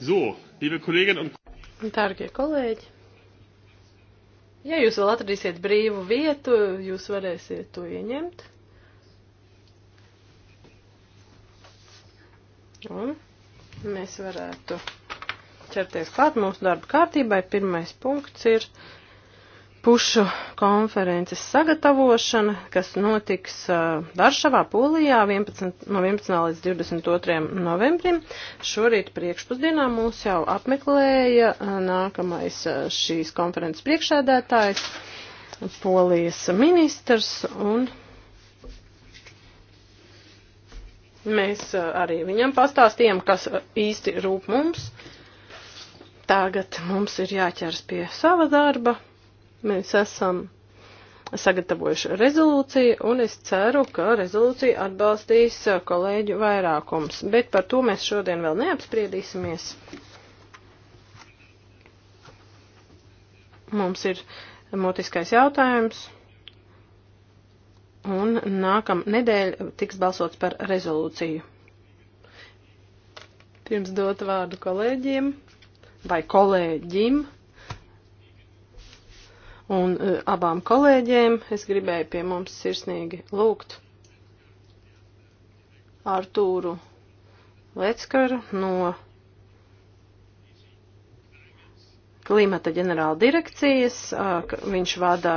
So, liebe Kolleginnen un Kollegen. Dārgie kolēģi, ja jūs vēl atradīsiet brīvu vietu, jūs varēsiet to ieņemt. Un mēs varētu ķerties klāt mūsu darba kārtībai. Pirmais punkts ir pušu konferences sagatavošana, kas notiks uh, Varšavā, Polijā 11, no 11. līdz 22. novembrim. Šorīt priekšpusdienā mūs jau apmeklēja uh, nākamais uh, šīs konferences priekšēdētājs, Polijas ministrs un Mēs arī viņam pastāstījām, kas īsti rūp mums. Tagad mums ir jāķers pie sava darba. Mēs esam sagatavojuši rezolūciju, un es ceru, ka rezolūciju atbalstīs uh, kolēģu vairākums. Bet par to mēs šodien vēl neapspriedīsimies. Mums ir motiskais jautājums, un nākam nedēļ tiks balsots par rezolūciju. Pirms dot vārdu kolēģiem vai kolēģim un e, abām kolēģiem es gribēju pie mums sirsnīgi lūgt Artūru Leckaru no klimata ģenerāla direkcijas. Viņš vada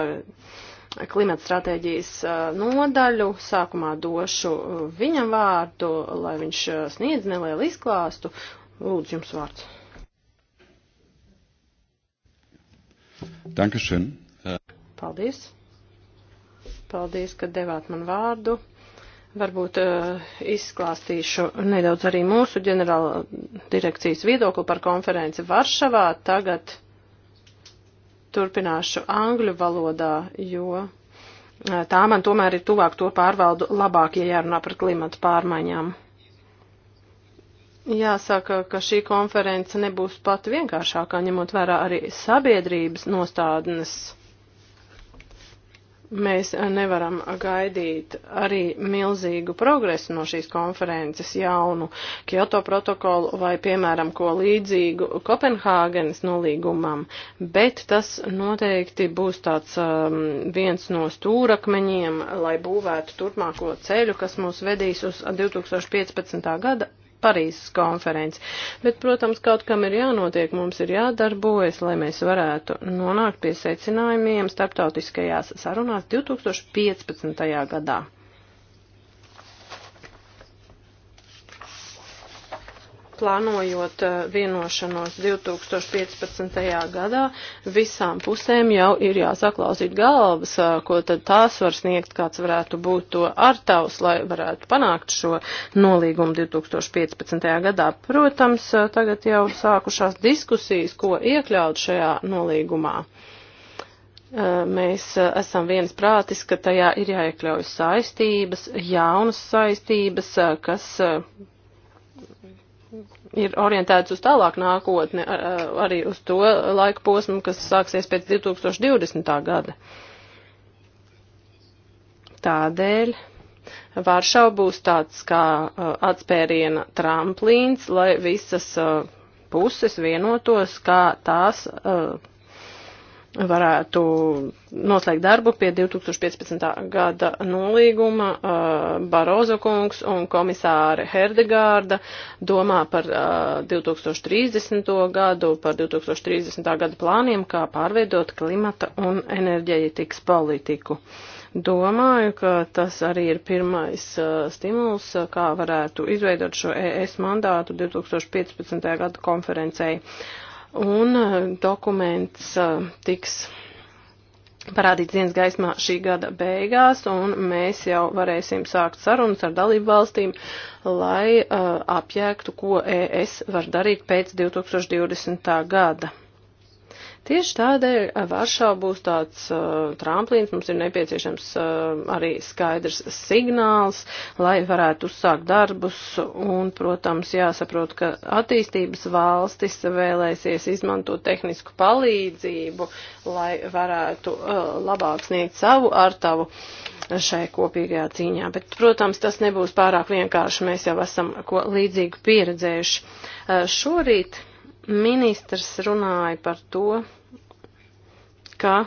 klimata stratēģijas nodaļu. Sākumā došu e, viņam vārdu, lai viņš e, sniedz nelielu izklāstu. Lūdzu, jums vārds. Dankeschön. Paldies! Paldies, ka devāt man vārdu. Varbūt uh, izklāstīšu nedaudz arī mūsu ģenerāla direkcijas viedokli par konferenci Varšavā. Tagad turpināšu angļu valodā, jo eh, tā man tomēr ir tuvāk to pārvaldu labāk, ja jārunā par klimatu pārmaiņām. Jāsaka, ka šī konference nebūs pat vienkāršākā, ņemot vērā arī sabiedrības nostādnes mēs eh, nevaram gaidīt arī milzīgu progresu no šīs konferences jaunu Kyoto protokolu vai, piemēram, ko līdzīgu Kopenhāgenes nolīgumam, bet tas noteikti būs tāds um, viens no stūrakmeņiem, lai būvētu turpmāko ceļu, kas mūs vedīs uz 2015. Eh, gada Parīzes konferenci. Bet, protams, kaut kam ir jānotiek, mums ir jādarbojas, lai mēs varētu nonākt pie secinājumiem starptautiskajās sarunās 2015. gadā. plānojot eh, vienošanos 2015. gadā, visām pusēm jau ir jāsaklausīt galvas, eh, ko tad tās var sniegt, kāds varētu būt to ar tavs, lai varētu panākt šo nolīgumu 2015. gadā. Protams, eh, tagad jau sākušās diskusijas, ko iekļaut šajā nolīgumā mēs esam viens prātis, ka tajā ir jāiekļaujas saistības, jaunas saistības, kas ir orientēts uz tālāk nākotni, ar, arī uz to laika posmu, kas sāksies pēc 2020. gada. Tādēļ Varšava būs tāds kā atspēriena tramplīns, lai visas puses vienotos, kā tās varētu noslēgt darbu pie 2015. gada nolīguma. Uh, Barozo kungs un komisāre Herdegārda domā par 2030. Uh, gadu, par 2030. gada plāniem, kā pārveidot klimata un enerģētikas politiku. Domāju, ka tas arī ir pirmais uh, stimuls, kā varētu izveidot šo ES mandātu 2015. gada konferencei. Uh, un e, dokuments e, tiks parādīt dienas gaismā šī gada beigās, un mēs jau varēsim sākt sarunas ar dalību valstīm, lai uh, apjēgtu, ko ES var darīt pēc 2020. gada. Tieši tādēļ eh, Varšā būs tāds uh, tramplīns, mums ir nepieciešams uh, arī skaidrs signāls, lai varētu uzsākt darbus, un, protams, jāsaprot, ka attīstības valstis vēlēsies izmantot tehnisku palīdzību, lai varētu uh, labāk sniegt savu artavu šai kopīgajā cīņā. Bet, protams, tas nebūs pārāk vienkārši, mēs jau esam ko līdzīgu pieredzējuši. Uh, šorīt Ministrs runāja par to, ka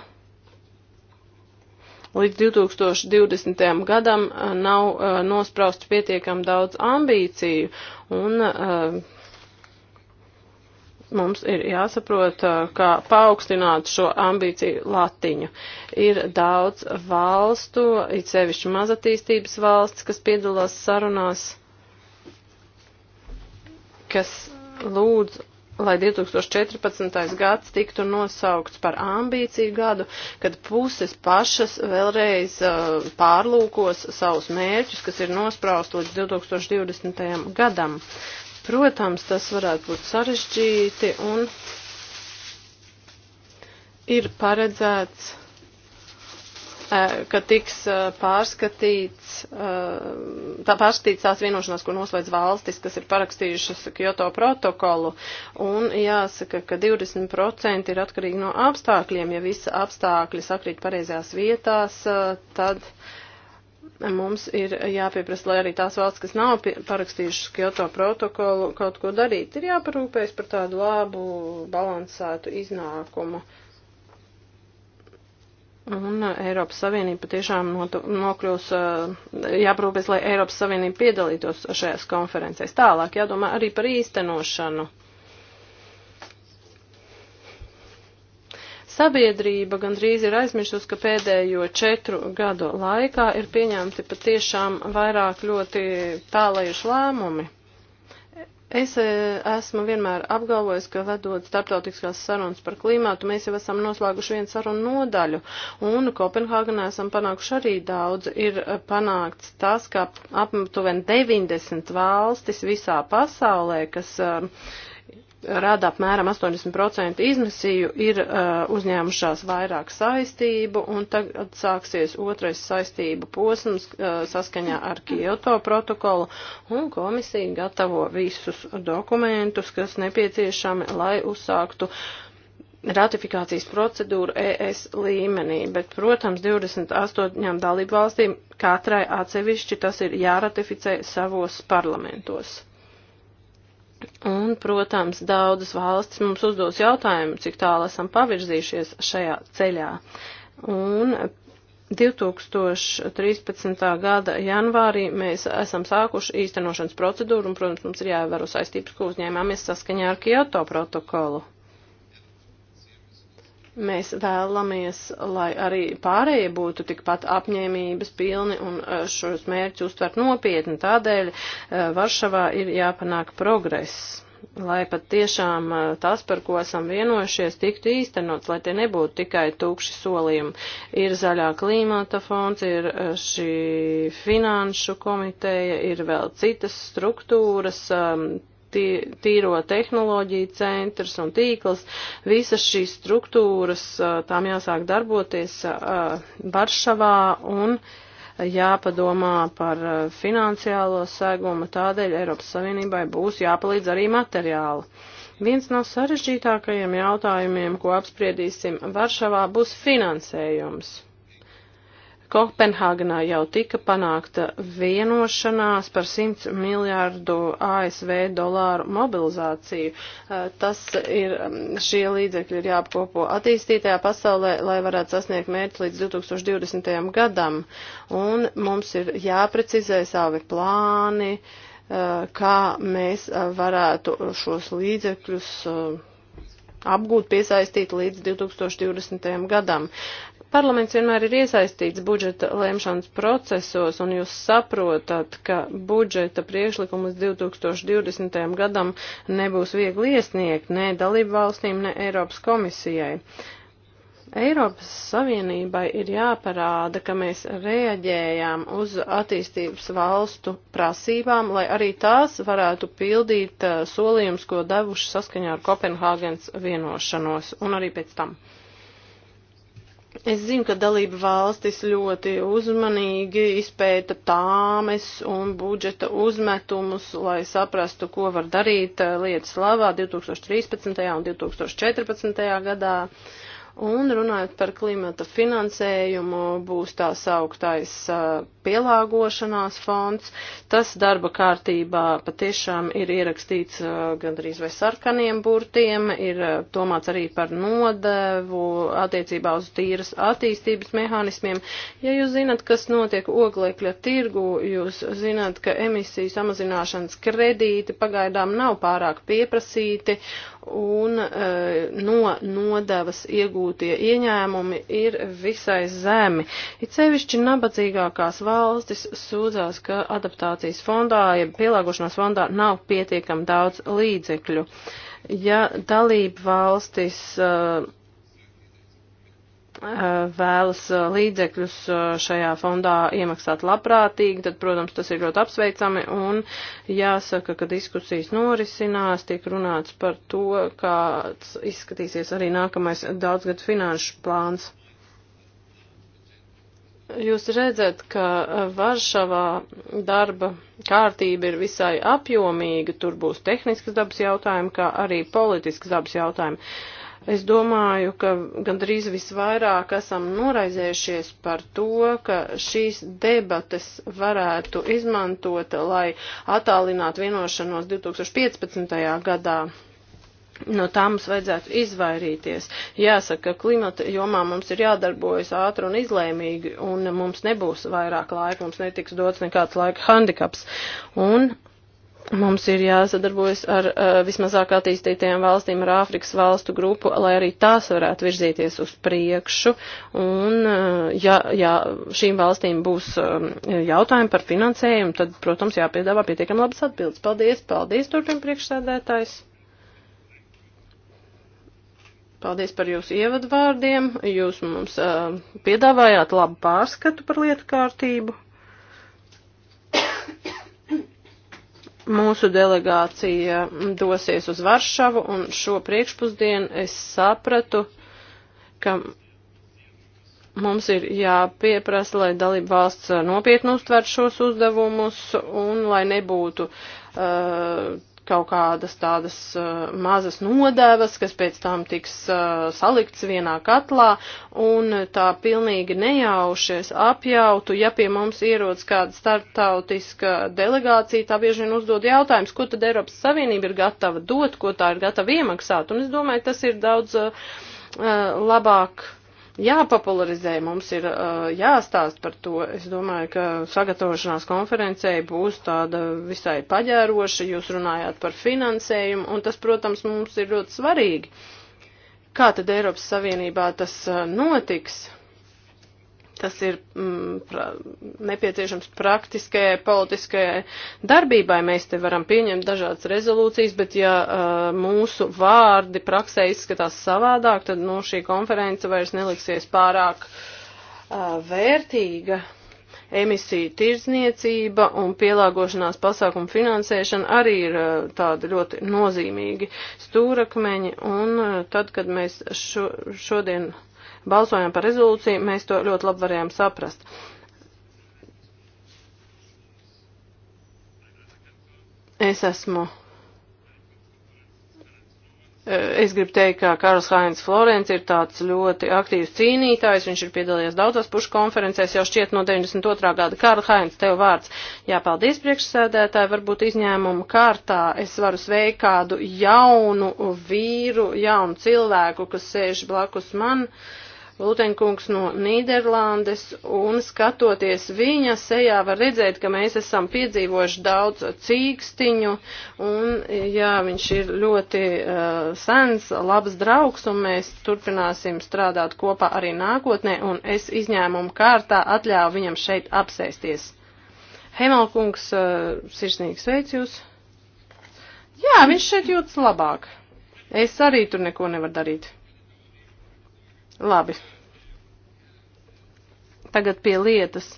līdz 2020. gadam nav uh, nosprausts pietiekam daudz ambīciju un uh, mums ir jāsaprot, kā paaugstināt šo ambīciju latiņu. Ir daudz valstu, it sevišķi mazatīstības valsts, kas piedalās sarunās, kas lūdz lai 2014. gads tiktu nosaukts par ambīciju gadu, kad puses pašas vēlreiz uh, pārlūkos savus mērķus, kas ir nospraust līdz 2020. gadam. Protams, tas varētu būt sarežģīti un ir paredzēts Eh, ka tiks eh, pārskatīts, eh, tā pārskatīts tās vienošanās, ko noslēdz valstis, kas ir parakstījušas Kyoto protokolu. Un jāsaka, ka 20% ir atkarīgi no apstākļiem. Ja visi apstākļi sakrīt pareizajās vietās, tad mums ir jāpieprasa, lai arī tās valsts, kas nav parakstījušas Kyoto protokolu, kaut ko darīt. Ir jāparūpējas par tādu labu, balansētu iznākumu. Un uh, Eiropas Savienība tiešām nokļūs, uh, jāprūpēs, lai Eiropas Savienība piedalītos šajās konferencēs. Tālāk jādomā arī par īstenošanu. Sabiedrība gandrīz ir aizmirsusi, ka pēdējo četru gadu laikā ir pieņemti patiešām vairāk ļoti tālajuši lēmumi. Es e, esmu vienmēr apgalvojis, ka vedot starptautiskās sarunas par klimātu, mēs jau esam noslēguši vienu sarunu nodaļu, un Kopenhāgenē esam panākuši arī daudz. Ir e, panākts tas, ka aptuveni 90 valstis visā pasaulē, kas uh, rada apmēram 80% iznesīju, ir uh, uzņēmušās vairāk saistību, un tagad sāksies otrais saistību posms uh, saskaņā ar Kyoto protokolu, un komisija gatavo visus dokumentus, kas nepieciešami, lai uzsāktu ratifikācijas procedūru ES līmenī, bet, protams, 28 dalību valstīm katrai atsevišķi tas ir jāratificē savos parlamentos. Un, protams, daudzas valstis mums uzdos jautājumu, cik tālu esam pavirzījušies šajā ceļā. Un 2013. gada janvārī mēs esam sākuši īstenošanas procedūru, un, protams, mums ir jāievēro saistības, ko uzņēmāmies saskaņā ar Kyoto protokolu. Mēs vēlamies, lai arī pārējie būtu tikpat apņēmības pilni un eh, šos mērķus uztvert nopietni. Tādēļ eh, Varšavā ir jāpanāk progress lai pat tiešām eh, tas, par ko esam vienojušies, tiktu īstenots, lai tie nebūtu tikai tūkši solījumi. Ir zaļā klimata fonds, ir šī finanšu komiteja, ir vēl citas struktūras, ehm, tīro tehnoloģiju centrs un tīkls, visas šīs struktūras, tām jāsāk darboties Varšavā un jāpadomā par finansiālo segumu, tādēļ Eiropas Savienībai būs jāpalīdz arī materiāli. Viens no sarežģītākajiem jautājumiem, ko apspriedīsim Varšavā, būs finansējums. Kopenhāgenā jau tika panākta vienošanās par 100 miljārdu ASV dolāru mobilizāciju. Eh, tas ir, mm, šie līdzekļi ir jāapkopo attīstītajā pasaulē, lai varētu sasniegt mērķi līdz 2020. gadam. Un mums ir jāprecizē savi plāni, eh, kā mēs varētu šos līdzekļus eh, apgūt, piesaistīt līdz 2020. gadam. Parlaments vienmēr ir iesaistīts budžeta lēmšanas procesos, un jūs saprotat, ka budžeta priekšlikumus 2020. gadam nebūs viegli iesniegt ne dalību valstīm, ne Eiropas komisijai. Eiropas Savienībai ir jāparāda, ka mēs reaģējām uz attīstības valstu prasībām, lai arī tās varētu pildīt uh, solījums, ko devuši saskaņā ar Kopenhāgens vienošanos, un arī pēc tam. Es zinu, ka dalība valstis ļoti uzmanīgi izpēta tāmes un budžeta uzmetumus, lai saprastu, ko var darīt eh, lietas labā 2013. un 2014. gadā. Un runājot par klimata finansējumu, būs tā sauktais uh, eh, pielāgošanās fonds. Tas darba kārtībā patiešām ir ierakstīts uh, gandrīz vai sarkaniem burtiem, ir uh, domāts arī par nodevu attiecībā uz tīras attīstības mehānismiem. Ja jūs zinat, kas notiek oglekļa tirgu, jūs zinat, ka emisiju samazināšanas kredīti pagaidām nav pārāk pieprasīti un e, no nodevas iegūtie ieņēmumi ir visai zemi. It sevišķi nabadzīgākās valsts valstis sūdzās, ka adaptācijas fondā, ja pielāgošanās fondā nav pietiekam daudz līdzekļu. Ja dalība valstis uh, uh vēlas uh, līdzekļus uh, šajā fondā iemaksāt labprātīgi, tad, protams, tas ir ļoti apsveicami un jāsaka, ka diskusijas norisinās, tiek runāts par to, kāds izskatīsies arī nākamais daudzgad finanšu plāns. Jūs redzat, ka eh, Varšavā darba kārtība ir visai apjomīga, tur būs tehniskas dabas jautājumi, kā arī politiskas dabas jautājumi. Es domāju, ka gandrīz visvairāk esam noraizējušies par to, ka šīs debates varētu izmantot, lai attālinātu vienošanos 2015. gadā. No tā mums vajadzētu izvairīties. Jāsaka, ka klimata jomā mums ir jādarbojas ātri un izlēmīgi, un mums nebūs vairāk laika, mums netiks dots nekāds laika handikaps. Un mums ir jāsadarbojas ar uh, vismazāk attīstītajām valstīm, ar Āfrikas valstu grupu, lai arī tās varētu virzīties uz priekšu. Un, uh, ja, ja šīm valstīm būs uh, jautājumi par finansējumu, tad, protams, jāpiedāvā pietiekam labas atbildes. Paldies, paldies, turpin priekšsēdētājs. Paldies par jūsu ievadvārdiem. Jūs mums uh, piedāvājāt labu pārskatu par lietu kārtību. Mūsu delegācija dosies uz Varšavu, un šo priekšpusdienu es sapratu, ka mums ir jāpieprasa, lai dalība valsts nopietni uztver šos uzdevumus un lai nebūtu uh, kaut kādas tādas uh, mazas nodevas, kas pēc tam tiks uh, salikts vienā katlā, un tā pilnīgi nejaušies apjautu, ja pie mums ierodas kāda starptautiska delegācija, tā bieži vien uzdod jautājums, ko tad Eiropas Savienība ir gatava dot, ko tā ir gatava iemaksāt, un es domāju, tas ir daudz uh, labāk jāpopularizē, mums ir uh, jāstāst par to. Es domāju, ka sagatavošanās konferencei būs tāda visai paģēroša, jūs runājāt par finansējumu, un tas, protams, mums ir ļoti svarīgi. Kā tad Eiropas Savienībā tas uh, notiks? Tas ir mm, pra, nepieciešams praktiskajai politiskajai darbībai. Mēs te varam pieņemt dažādas rezolūcijas, bet ja uh, mūsu vārdi praksē izskatās savādāk, tad no nu, šī konference vairs neliksies pārāk uh, vērtīga. Emisiju tirdzniecība un pielāgošanās pasākumu finansēšana arī ir uh, tādi ļoti nozīmīgi stūrakmeņi. Un uh, tad, kad mēs šo, šodien. Uh, balsojām par rezolūciju, mēs to ļoti labi varējām saprast. Es esmu. Eh, es gribu teikt, ka Karls Hainz Florence ir tāds ļoti aktīvs cīnītājs, viņš ir piedalījies daudzās pušu konferencēs, jau šķiet no 92. gada. Karl Hainz, tev vārds. Jā, paldies priekšsēdētāji, varbūt izņēmumu kārtā es varu sveikt kādu jaunu vīru, jaunu cilvēku, kas sēž blakus man. Uh, Lūtenkungs no Nīderlandes, un skatoties viņa sejā var redzēt, ka mēs esam piedzīvojuši daudz cīkstiņu, un jā, viņš ir ļoti uh, sens, labs draugs, un mēs turpināsim strādāt kopā arī nākotnē, un es izņēmumu kārtā atļāvu viņam šeit apsēsties. Hemelkungs, uh, sirsnīgi sveic jūs! Jā, viņš šeit jūtas labāk. Es arī tur neko nevaru darīt. Labi. Tagad pie lietas.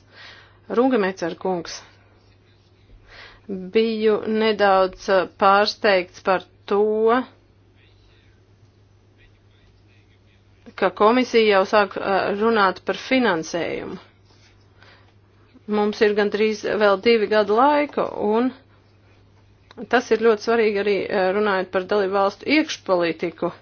Rūgamecer kungs. Biju nedaudz eh, pārsteigts par to, ka komisija jau sāk eh, runāt par finansējumu. Mums ir gandrīz vēl divi gadu laika, un tas ir ļoti svarīgi arī eh, runājot par dalību valstu iekšpolitiku.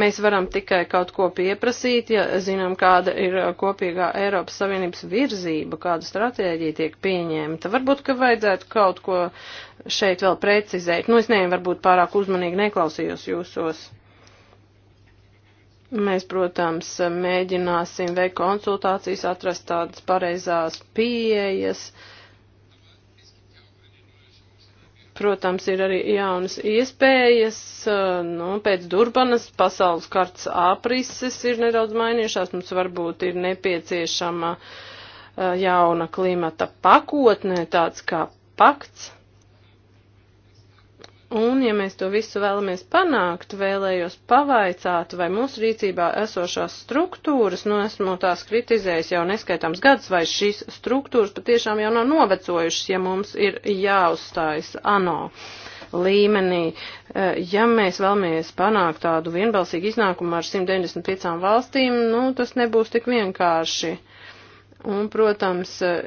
Mēs varam tikai kaut ko pieprasīt, ja zinām, kāda ir uh, kopīgā Eiropas Savienības virzība, kāda stratēģija tiek pieņemta. Varbūt, ka vajadzētu kaut ko šeit vēl precizēt. Nu, es nezinu, varbūt pārāk uzmanīgi neklausījos jūsos. Mēs, protams, mēģināsim veikt konsultācijas, atrast tādas pareizās pieejas. Uh, Protams, ir arī jaunas iespējas, eh, nu, pēc Durbanas pasaules kartas aprises ir nedaudz mainījušās, mums varbūt ir nepieciešama eh, jauna klimata pakotne, tāds kā pakts. Un, ja mēs to visu vēlamies panākt, vēlējos pavaicāt, vai mūsu rīcībā esošās struktūras, nu esmu tās kritizējis jau neskaitāms gads, vai šīs struktūras patiešām jau nav novecojušas, ja mums ir jāuzstājas ANO līmenī. Eh, ja mēs vēlamies panākt tādu vienbalsīgu iznākumu ar 195 valstīm, nu tas nebūs tik vienkārši. Un, protams, eh,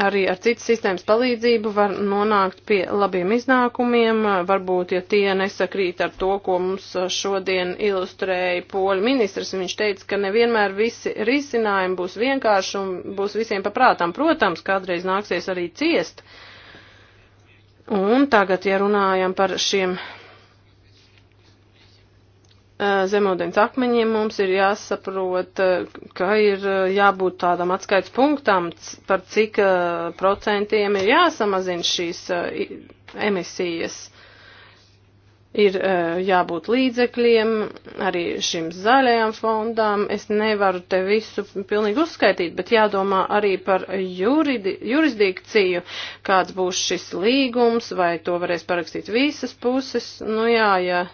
arī ar citas sistēmas palīdzību var nonākt pie labiem iznākumiem, varbūt, ja tie nesakrīt ar to, ko mums šodien ilustrēja poļu ministrs, viņš teica, ka nevienmēr visi risinājumi būs vienkārši un būs visiem paprātām. Protams, kādreiz nāksies arī ciest. Un tagad, ja runājam par šiem Eh, zemūdens akmeņiem mums ir jāsaprot, eh, ka ir eh, jābūt tādam atskaits punktam, par cik procentiem ir jāsamazina šīs emisijas. Ir jābūt līdzekļiem, arī šim zaļajām fondām. Es nevaru te visu pilnīgi uzskaitīt, bet jādomā arī par juridi, jurisdikciju, kāds būs šis līgums, vai to varēs parakstīt visas puses. Nu jā, jā. Ja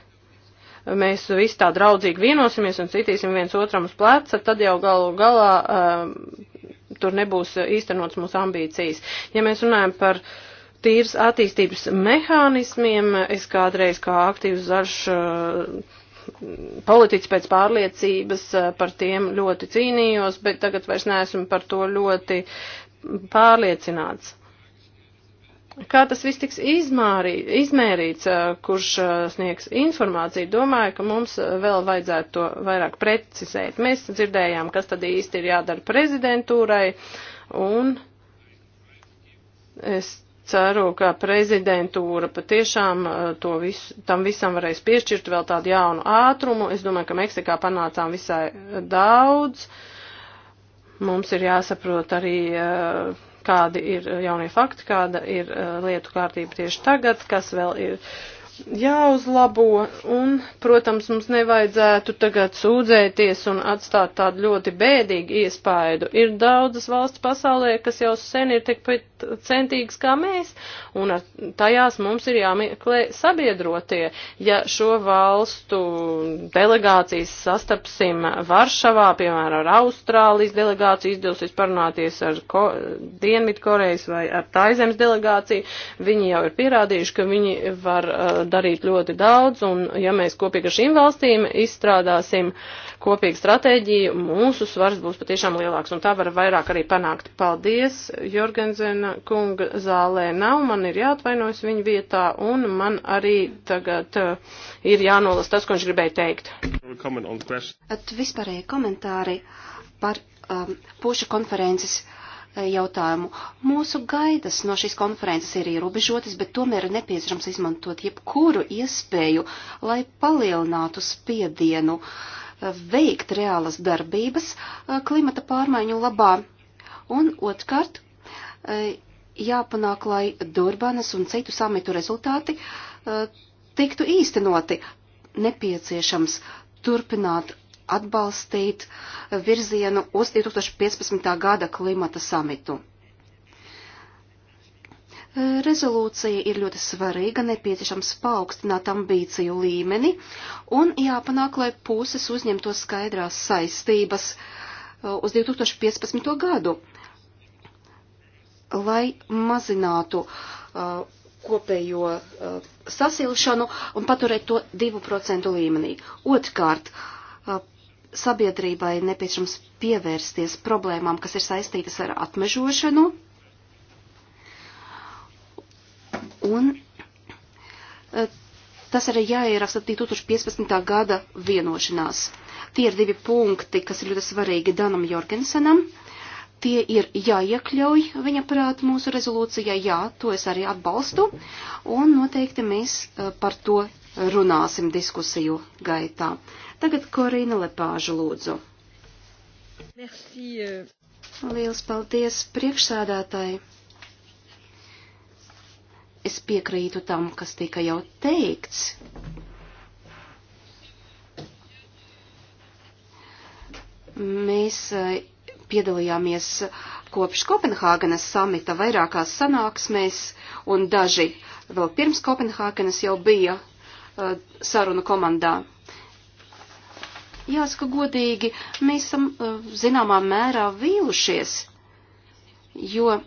mēs visi tā draudzīgi vienosimies un citīsim viens otram uz pleca, tad jau galu galā uh, tur nebūs īstenots mūsu ambīcijas. Ja mēs runājam par tīras attīstības mehānismiem, es kādreiz kā aktīvs zaļš. Uh, politiķis pēc pārliecības eh, par tiem ļoti cīnījos, bet tagad vairs neesmu par to ļoti pārliecināts kā tas viss tiks izmārī, izmērīts, kurš sniegs informāciju. Domāju, ka mums vēl vajadzētu to vairāk precizēt. Mēs dzirdējām, kas tad īsti ir jādara prezidentūrai, un es ceru, ka prezidentūra patiešām to visu, tam visam varēs piešķirt vēl tādu jaunu ātrumu. Es domāju, ka Meksikā panācām visai daudz. Mums ir jāsaprot arī uh, kādi ir eh, jaunie fakti, kāda ir eh, lietu kārtība tieši tagad, kas vēl ir jāuzlabo, un, protams, mums nevajadzētu tagad sūdzēties un atstāt tādu ļoti bēdīgu iespaidu. Ir daudzas valsts pasaulē, kas jau sen ir tik, tikpat centīgs kā mēs, un tajās mums ir jāmeklē sabiedrotie. Ja šo valstu delegācijas sastapsim Varšavā, piemēram, ar Austrālijas delegāciju, izdosies parunāties ar Ko Dienvidkorejas vai ar Taizemes delegāciju, viņi jau ir pierādījuši, ka viņi var uh, darīt ļoti daudz, un ja mēs kopīgi ar šīm valstīm izstrādāsim uh, kopīgu stratēģiju, mūsu svars būs patiešām lielāks, un tā var vairāk arī panākt. Paldies, Jorgensena kunga zālē nav, man ir jāatvainojas viņa vietā, un man arī tagad uh, ir jānolas tas, ko viņš gribēja teikt. At vispārēji komentāri par um, pušu konferences uh, jautājumu. Mūsu gaidas no šīs konferences ir ierobežotas, bet tomēr ir nepieciešams izmantot jebkuru iespēju, lai palielinātu spiedienu uh, veikt reālas darbības klimata pārmaiņu labā. Un otrkārt, jāpanāk, lai Durbanas un citu samitu rezultāti tiktu īstenoti. Nepieciešams turpināt atbalstīt virzienu uz 2015. gada klimata samitu. Eh, rezolūcija ir ļoti svarīga, nepieciešams paaugstināt ambīciju līmeni un jāpanāk, lai puses uzņemto skaidrās saistības eh, uz 2015. gadu, lai mazinātu uh, kopējo uh, sasilšanu un paturēt to 2% līmenī. Otkārt, uh, sabiedrībai nepieciešams pievērsties problēmām, kas ir saistītas ar atmežošanu Un e, tas arī jāieraksta 2015. gada vienošanās. Tie ir divi punkti, kas ir ļoti svarīgi Danam Jorgensenam. Tie ir jāiekļauj viņa prāt mūsu rezolūcijā, jā, to es arī atbalstu, un noteikti mēs e, par to runāsim diskusiju gaitā. Tagad Korīna Lepāža lūdzu. Merci. E. Liels paldies priekšsēdētāji! es piekrītu tam, kas tika jau teikts. Mēs eh, piedalījāmies kopš Kopenhāgenes samita vairākās sanāksmēs, un daži vēl pirms Kopenhāgenes jau bija uh, sarunu komandā. Jāsaka godīgi, mēs esam uh, zināmā mērā vīlušies, jo uh,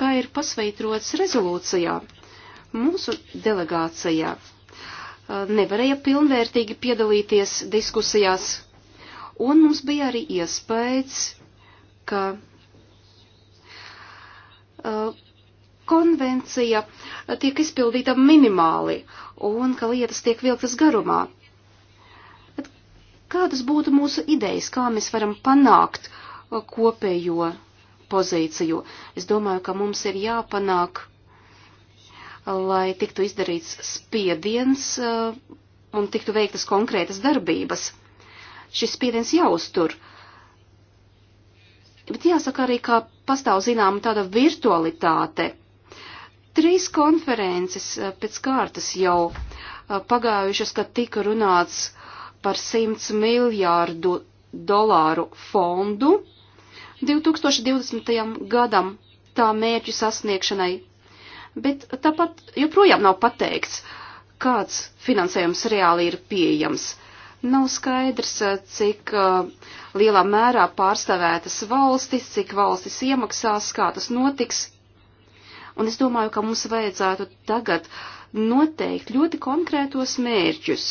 kā ir pasveitrots rezolūcijā. Mūsu delegācijā nevarēja pilnvērtīgi piedalīties diskusijās, un mums bija arī iespējas, ka konvencija tiek izpildīta minimāli un ka lietas tiek vilktas garumā. Kādas būtu mūsu idejas, kā mēs varam panākt kopējo pozīciju. Es domāju, ka mums ir jāpanāk, lai tiktu izdarīts spiediens uh, un tiktu veiktas konkrētas darbības. Šis spiediens jāuztur. Bet jāsaka arī, ka pastāv zināma tāda virtualitāte. Trīs konferences uh, pēc kārtas jau uh, pagājušas, kad tika runāts par 100 miljārdu dolāru fondu, 2020. gadam tā mērķu sasniegšanai, bet tāpat joprojām nav pateikts, kāds finansējums reāli ir pieejams. Nav skaidrs, cik uh, lielā mērā pārstāvētas valstis, cik valstis iemaksās, kā tas notiks. Un es domāju, ka mums vajadzētu tagad noteikt ļoti konkrētos mērķus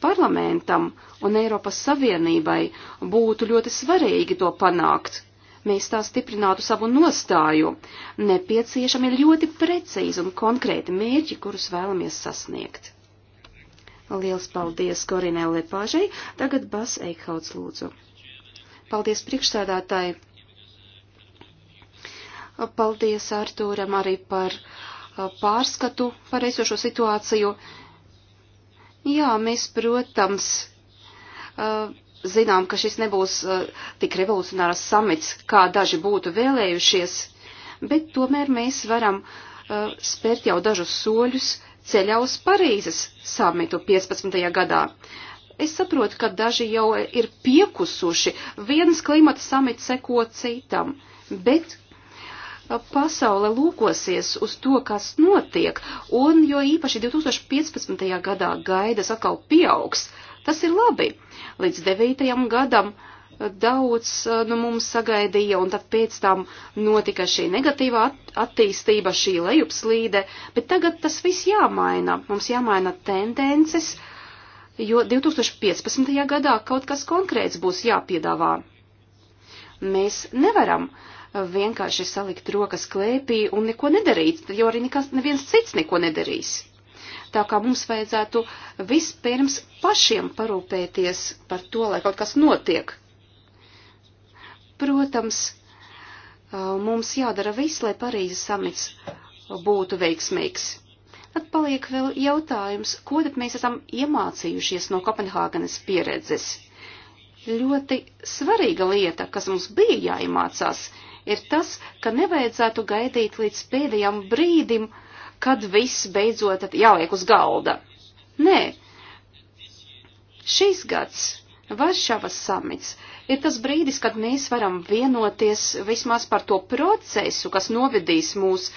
Parlamentam un Eiropas Savienībai būtu ļoti svarīgi to panākt. Mēs tā stiprinātu savu nostāju. Nepieciešami ir ļoti precīzi un konkrēti mērķi, kurus vēlamies sasniegt. Liels paldies Korinē Lepāžai, tagad Bas Eikhauts lūdzu. Paldies priekšsēdātāji. Paldies Artūram arī par uh, pārskatu par esošo situāciju. Jā, mēs, protams, uh, zinām, ka šis nebūs uh, tik revolucionārs samits, kā daži būtu vēlējušies, bet tomēr mēs varam uh, spērt jau dažus soļus ceļā uz Parīzes samitu 15. gadā. Es saprotu, ka daži jau ir piekusuši, viens klimata samits seko citam, bet pasaule lūkosies uz to, kas notiek, un jo īpaši 2015. gadā gaidas atkal pieaugs. Tas ir labi. Līdz 9. gadam eh, daudz no eh, nu, mums sagaidīja, un tad pēc tam notika šī negatīvā attīstība, šī lejupslīde, bet tagad tas viss jāmaina. Mums jāmaina tendences, jo 2015. gadā kaut kas konkrēts būs jāpiedāvā. Mēs nevaram uh, vienkārši salikt rokas klēpī un neko nedarīt, jo arī nekas, neviens cits neko nedarīs. Tā kā mums vajadzētu vispirms pašiem parūpēties par to, lai kaut kas notiek. Protams, mums jādara viss, lai Parīzes samits būtu veiksmīgs. Tad paliek vēl jautājums, ko tad mēs esam iemācījušies no Kopenhāgenes pieredzes. Ļoti svarīga lieta, kas mums bija jāiemācās, ir tas, ka nevajadzētu gaidīt līdz pēdējam brīdim, kad viss beidzot jāliek uz galda. Nē, šīs gads Varšavas samits ir tas brīdis, kad mēs varam vienoties vismaz par to procesu, kas novedīs mūs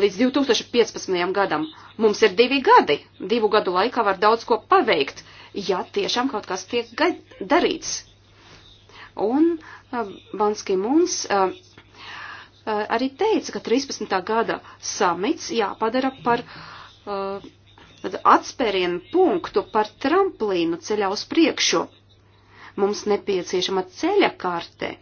līdz 2015. gadam. Mums ir divi gadi, divu gadu laikā var daudz ko paveikt, ja tiešām kaut kas tiek darīts. Un uh, Banski mums uh, Eh, arī teica, ka 13. gada samits jāpadara par uh, atspērienu punktu, par tramplīnu ceļā uz priekšu. Mums nepieciešama ceļa karte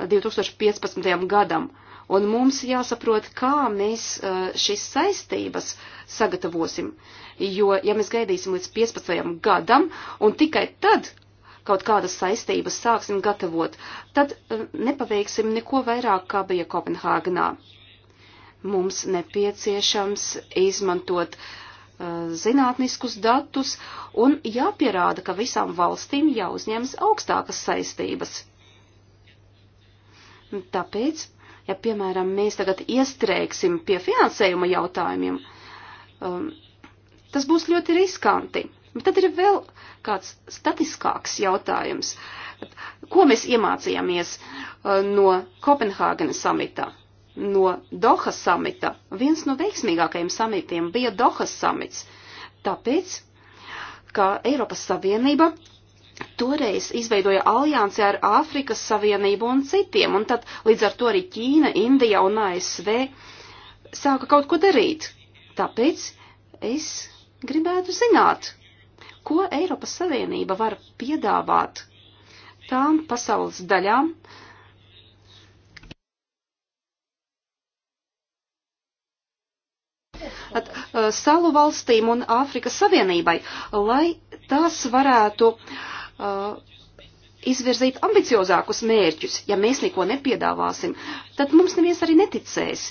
2015. Eh, gadam, un mums jāsaprot, kā mēs uh, šīs saistības sagatavosim, jo, ja mēs gaidīsim līdz 15. gadam, un tikai tad kaut kādas saistības sāksim gatavot, tad eh, nepaveiksim neko vairāk, kā bija Kopenhāgenā. Mums nepieciešams izmantot uh, zinātniskus datus un jāpierāda, ka visām valstīm jāuzņemas augstākas saistības. Tāpēc, ja, piemēram, mēs tagad iestrēgsim pie finansējuma jautājumiem, um, tas būs ļoti riskanti. Bet tad ir vēl kāds statiskāks jautājums. Ko mēs iemācījāmies uh, no Kopenhāgenes samitā? No Doha samita. Viens no veiksmīgākajiem samitiem bija Doha samits. Tāpēc, ka Eiropas Savienība toreiz izveidoja aliansi ar Āfrikas Savienību un citiem, un tad līdz ar to arī Ķīna, Indija un ASV sāka kaut ko darīt. Tāpēc es gribētu zināt, Ko Eiropas Savienība var piedāvāt tām pasaules daļām, At, uh, salu valstīm un Āfrikas Savienībai, lai tās varētu uh, izvirzīt ambiciozākus mērķus. Ja mēs neko nepiedāvāsim, tad mums neviens arī neticēs.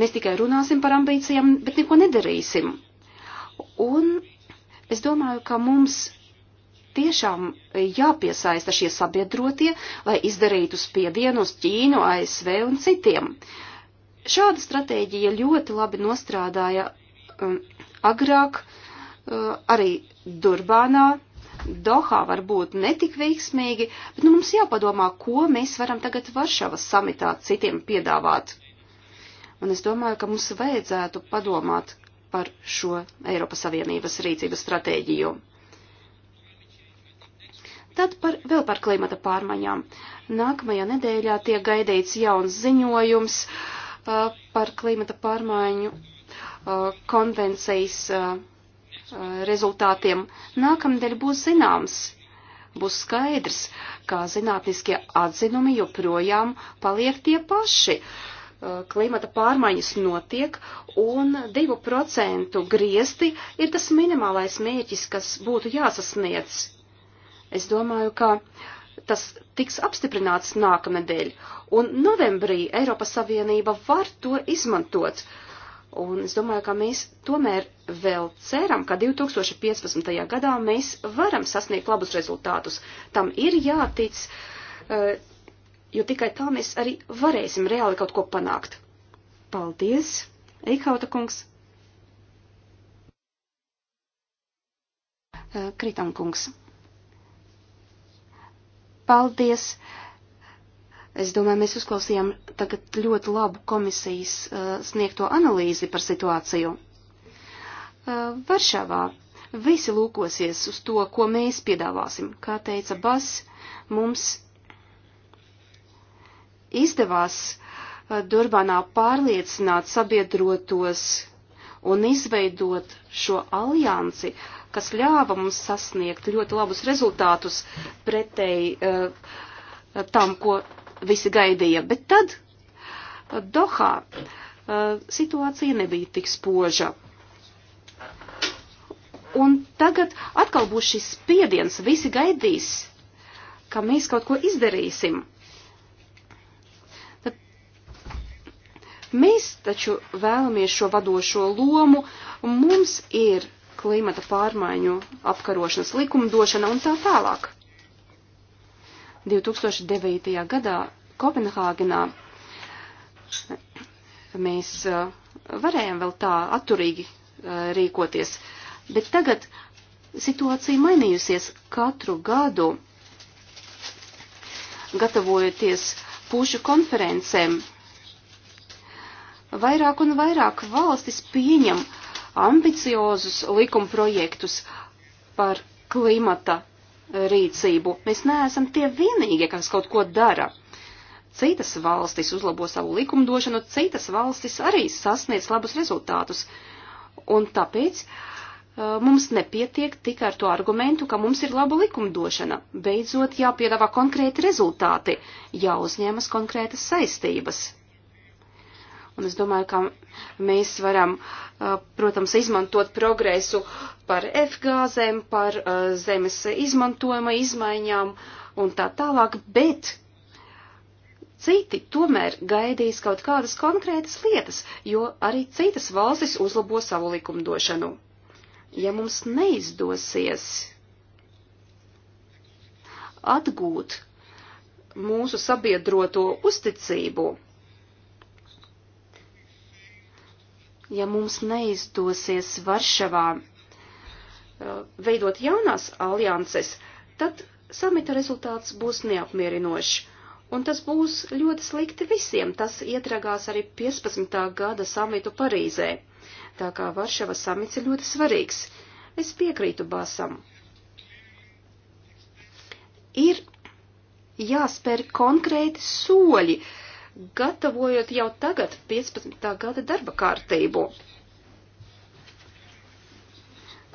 Mēs tikai runāsim par ambīcijām, bet neko nedarīsim. Un Es domāju, ka mums tiešām jāpiesaista šie sabiedrotie, lai izdarītu spiedienu uz Ķīnu, ASV un citiem. Šāda stratēģija ļoti labi nostrādāja um, agrāk, uh, arī Durbānā, Dohā varbūt netik veiksmīgi, bet nu, mums jāpadomā, ko mēs varam tagad Varšavas samitā citiem piedāvāt. Un es domāju, ka mums vajadzētu padomāt, par šo Eiropas Savienības rīcības stratēģiju. Tad par, vēl par klimata pārmaiņām. Nākamajā nedēļā tiek gaidīts jauns ziņojums uh, par klimata pārmaiņu uh, konvencijas uh, uh rezultātiem. Nākamdēļ būs zināms, būs skaidrs, kā zinātniskie atzinumi joprojām paliek tie paši. Uh, Eh, klimata pārmaiņas notiek, un 2% griesti ir tas minimālais mērķis, kas būtu jāsasniedz. Es domāju, ka tas tiks apstiprināts nākamnedēļ, un novembrī Eiropas Savienība var to izmantot. Un es domāju, ka mēs tomēr vēl ceram, ka 2015. gadā mēs varam sasniegt labus rezultātus. Tam ir jātic. Uh, jo tikai tā mēs arī varēsim reāli kaut ko panākt. Paldies, Eikauta kungs! Eh, Kritam kungs. Paldies! Es domāju, mēs uzklausījām tagad ļoti labu komisijas uh, sniegto analīzi par situāciju. Uh, Varšavā visi lūkosies uz to, ko mēs piedāvāsim. Kā teica Bas, mums izdevās eh, Durbanā pārliecināt sabiedrotos un izveidot šo aliansi, kas ļāva mums sasniegt ļoti labus rezultātus pretēji uh, tam, ko visi gaidīja. Bet tad uh, Dohā uh, situācija nebija tik spoža. Un tagad atkal būs šis spiediens, visi gaidīs, ka mēs kaut ko izdarīsim. Mēs taču vēlamies šo vadošo lomu, mums ir klimata pārmaiņu apkarošanas likumdošana un tā tālāk. 2009. gadā Kopenhāgenā mēs eh, varējām vēl tā atturīgi eh, rīkoties, bet tagad situācija mainījusies katru gadu, gatavojoties pušu konferencēm Vairāk un vairāk valstis pieņem ambiciozus likumprojektus par klimata rīcību. Mēs neesam tie vienīgie, kas kaut ko dara. Citas valstis uzlabo savu likumdošanu, citas valstis arī sasniedz labus rezultātus. Un tāpēc uh, mums nepietiek tikai ar to argumentu, ka mums ir laba likumdošana. Beidzot, jāpiedāvā konkrēti rezultāti, jāuzņemas konkrētas saistības. Un es domāju, ka mēs varam, eh, protams, izmantot progresu par F-gāzēm, par eh, zemes izmantojuma izmaiņām un tā tālāk, bet citi tomēr gaidīs kaut kādas konkrētas lietas, jo arī citas valstis uzlabo savu likumdošanu. Ja mums neizdosies atgūt mūsu sabiedroto uzticību, ja mums neizdosies Varšavā uh, veidot jaunās alianses, tad samita rezultāts būs neapmierinošs. Un tas būs ļoti slikti visiem. Tas ietragās arī 15. gada samitu Parīzē. Tā kā Varšavas samits ir ļoti svarīgs. Es piekrītu Basam. Ir jāspēr konkrēti soļi, uh, gatavojot jau tagad 15. gada darba kārtību.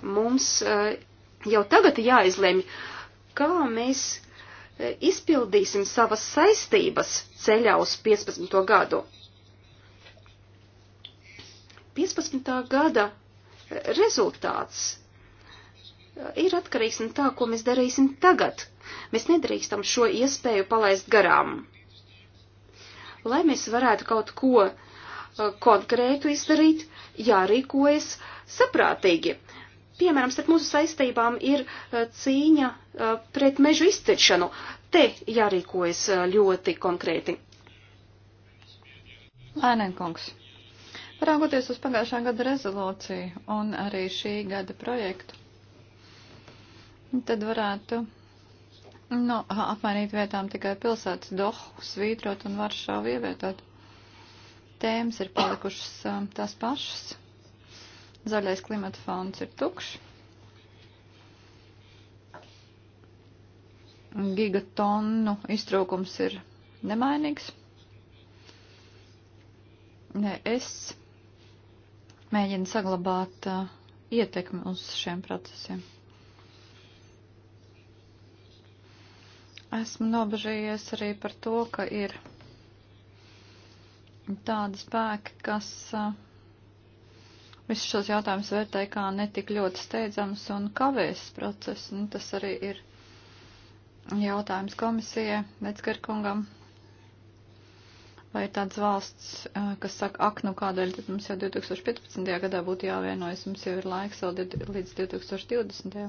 Mums eh, jau tagad jāizlemj, kā mēs eh, izpildīsim savas saistības ceļā uz 15. gadu. 15. gada eh, rezultāts ir atkarīgs no tā, ko mēs darīsim tagad. Mēs nedrīkstam šo iespēju palaist garām. Lai mēs varētu kaut ko uh, konkrētu izdarīt, jārīkojas saprātīgi. Piemēram, starp mūsu saistībām ir uh, cīņa uh, pret mežu iztečšanu. Te jārīkojas ļoti konkrēti. Lēnenkungs. Paraugoties uz pagājušā gada rezolūciju un arī šī gada projektu, tad varētu Nu, apmainīt vietām tikai pilsētas Dohu, Svītrot un Varšavu ievietot. Tēmas ir palikušas tās pašas. Zaļais klimata fonds ir tukšs. Gigatonu iztrūkums ir nemainīgs. Ne, es mēģinu saglabāt uh, ietekmi uz šiem procesiem. Esmu nobežījies arī par to, ka ir tādi spēki, kas uh, visus šos jautājumus vērtē kā netik ļoti steidzams un kavēs process. Nu, tas arī ir jautājums komisijai, Veckarkungam. Vai ir tāds valsts, eh, kas saka, ak, nu kādēļ tad mums jau 2015. gadā būtu jāvienojas, mums jau ir laiks vēl līdz 2020.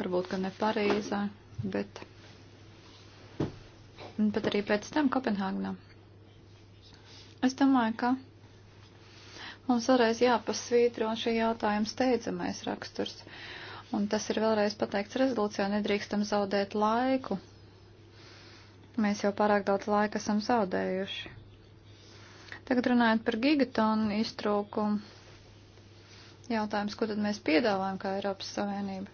Varbūt, ka ne Parīzē, bet un pat arī pēc tam Kopenhāgnā. Es domāju, ka mums vēlreiz jāpasvītro šī jautājuma steidzamais raksturs. Un tas ir vēlreiz pateikts rezolūcijā, nedrīkstam zaudēt laiku. Mēs jau pārāk daudz laika esam zaudējuši. Tagad runājot par gigatonu iztrūkumu, jautājums, ko tad mēs piedāvājam kā Eiropas Savienība.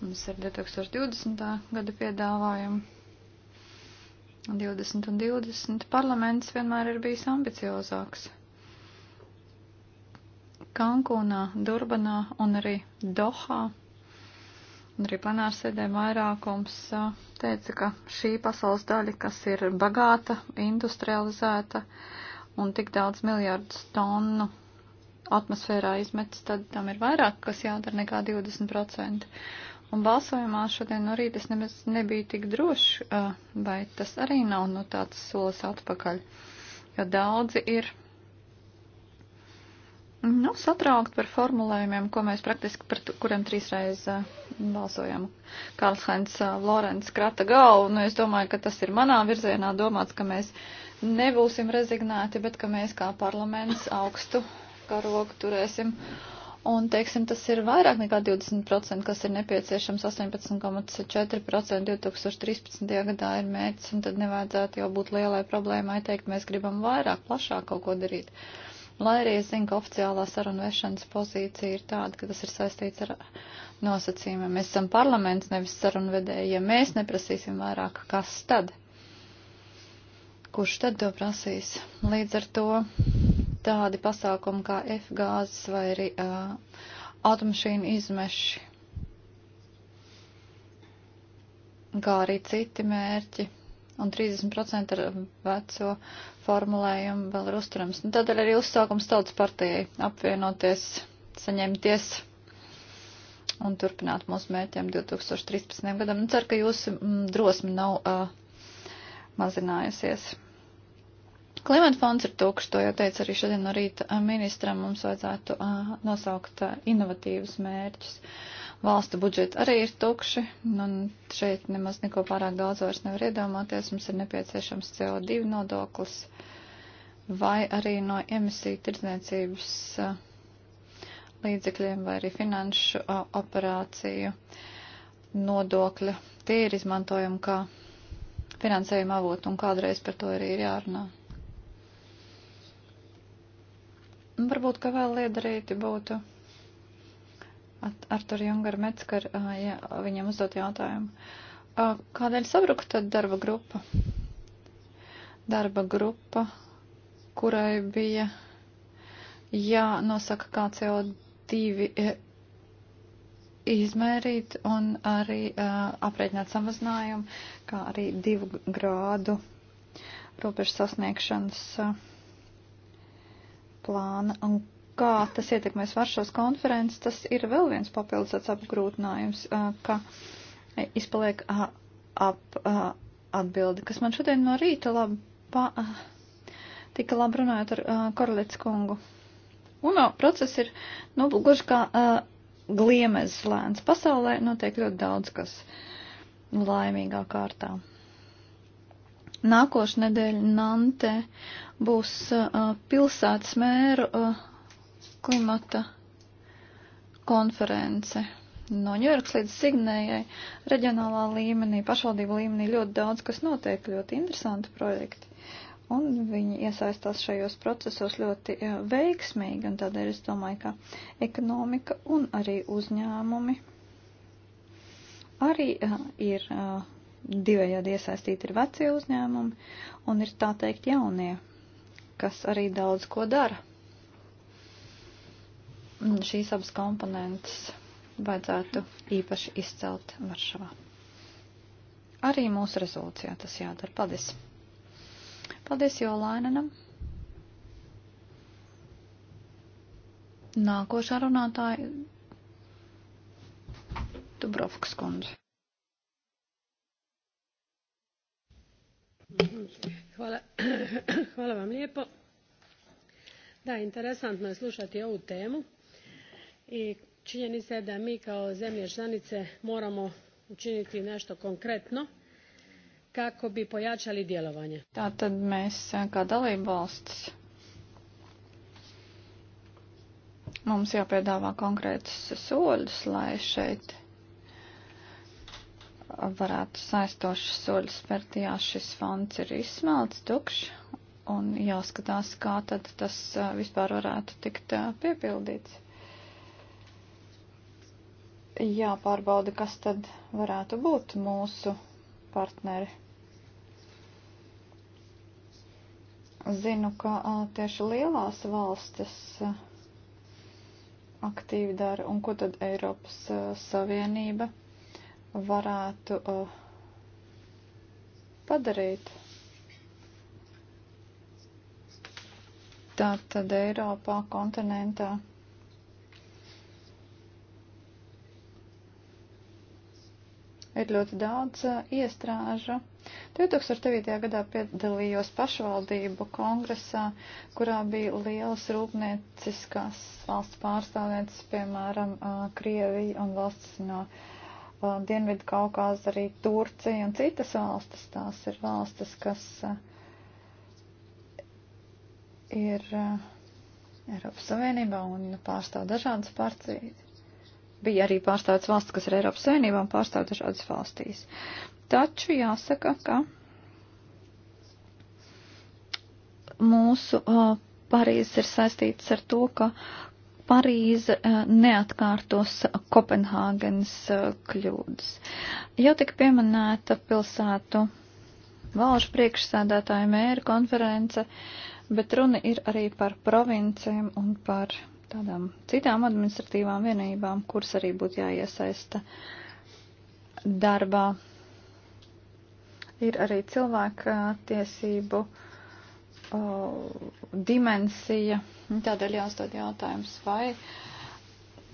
Mums ir 2020. gada piedāvājumi. 20 un 20 parlaments vienmēr ir bijis ambiciozāks. Kankūnā, Durbanā un arī Dohā, un arī plenārsēdē vairākums teica, ka šī pasaules daļa, kas ir bagāta, industrializēta un tik daudz miljārdus tonu atmosfērā izmetas, tad tam ir vairāk, kas jādara nekā 20%. Un balsojumā šodien no rīta es nemaz nebiju tik droši, vai tas arī nav no nu, tāds solis atpakaļ, jo daudzi ir, nu, satraukti par formulējumiem, ko mēs praktiski par kuriem trīsreiz balsojam. Karls Heinz Lorenz krata galvu, nu, es domāju, ka tas ir manā virzienā domāts, ka mēs nebūsim rezignēti, bet ka mēs kā parlaments augstu karogu turēsim Un, teiksim, tas ir vairāk nekā 20%, kas ir nepieciešams 18,4% 2013. gadā ir mērķis, un tad nevajadzētu jau būt lielai problēmai teikt, mēs gribam vairāk, plašāk kaut ko darīt. Lai arī es zinu, ka oficiālā saruna vešanas pozīcija ir tāda, ka tas ir saistīts ar nosacījumiem. Mēs esam parlaments, nevis sarunvedēji. Ja mēs neprasīsim vairāk, kas tad? Kurš tad to prasīs? Līdz ar to tādi pasākumi kā F gāzes vai arī uh, automašīnu izmeši, kā arī citi mērķi. Un 30% ar veco formulējumu vēl ir uzturams. Un nu, tādēļ arī uzsākums tautas partijai apvienoties, saņemties un turpināt mūsu mērķiem 2013. gadam. Un nu, ceru, ka jūsu mm, drosme nav uh, mazinājusies. Klimata fonds ir tūkst, to jau teica arī šodien no rīta ministram, mums vajadzētu uh, nosaukt uh, inovatīvus mērķus. Valsta budžeti arī ir tukši, nu, un šeit nemaz neko pārāk daudz vairs nevar iedomāties, mums ir nepieciešams CO2 nodoklis vai arī no emisiju tirdzniecības uh, līdzekļiem vai arī finanšu uh, operāciju nodokļa. Tie ir izmantojumi kā finansējuma avot, un kādreiz par to arī ir jārunā. Varbūt, ka vēl liederīgi būtu Artur Jungar Metskar, ja viņam uzdot jautājumu. Kādēļ sabruka tad darba grupa? Darba grupa, kurai bija jānosaka, kā CO2 izmērīt un arī aprēķināt samazinājumu, kā arī divu grādu robežu sasniegšanas. Uh, plāna un kā tas ietekmēs Varšavas konferences, tas ir vēl viens papildus apgrūtinājums, ka izpaliek ap atbildi, kas man šodien no rīta labi pa, tika labi runājot ar Korlets kungu. UNO process ir, nu, gluži kā gliemezs lēns. Pasaulē notiek ļoti daudz kas laimīgā kārtā. Nākošu nedēļu Nantē būs pilsētas mēru klimata konference no Ņujorkas līdz Signējai, reģionālā līmenī, pašvaldību līmenī ļoti daudz, kas notiek, ļoti interesanti projekti. Un viņi iesaistās šajos procesos ļoti veiksmīgi, un tādēļ es domāju, ka ekonomika un arī uzņēmumi arī ir divējādi iesaistīti ir vecie uzņēmumi un ir tā teikt jaunie, kas arī daudz ko dara. Un šīs abas komponentes vajadzētu īpaši izcelt Varšavā. Arī mūsu rezolūcijā tas jādara. Paldies! Paldies Jolainanam! Nākošā runātāja Dubrovkas kundze. Hvala, hvala vam lijepo. Da, interesantno je slušati ovu temu i činjenica je da mi kao zemlje članice moramo učiniti nešto konkretno kako bi pojačali djelovanje. Tātad mēs eh, kā dalībvalsts mums jāpiedāvā konkrētus soļus, lai šeit varētu saistoši soļi spērt, jā, šis fonds ir izsmelts, tukšs, un jāskatās, kā tad tas vispār varētu tikt piepildīts. Jāpārbauda, kas tad varētu būt mūsu partneri. Zinu, ka tieši lielās valstis aktīvi dara, un ko tad Eiropas Savienība varētu uh, padarīt. Tātad Eiropā, kontinentā. Ir ļoti daudz uh, iestrāžu. 2009. gadā piedalījos pašvaldību kongresā, kurā bija lielas rūpnieciskās valsts pārstāvnieces, piemēram, uh, Krievija un valsts no uh, Dienvidu Kaukāzu, arī Turcija un citas valstis. Tās ir valstis, kas eh, ir eh, Eiropas Savienībā un pārstāv dažādas partijas. Bija arī pārstāvts valsts, kas ir Eiropas Savienībā un pārstāv dažādas valstīs. Taču jāsaka, ka mūsu uh, Parīzes ir saistīts ar to, ka Parīze eh, neatkārtos Kopenhāgenes eh, kļūdas. Jau tik pieminēta pilsētu valžu priekšsēdētāju mēra konference, bet runa ir arī par provincijām un par tādām citām administratīvām vienībām, kuras arī būtu jāiesaista darbā. Ir arī cilvēku tiesību uh, Uh, dimensija. Tādēļ jāuzdod jautājums, vai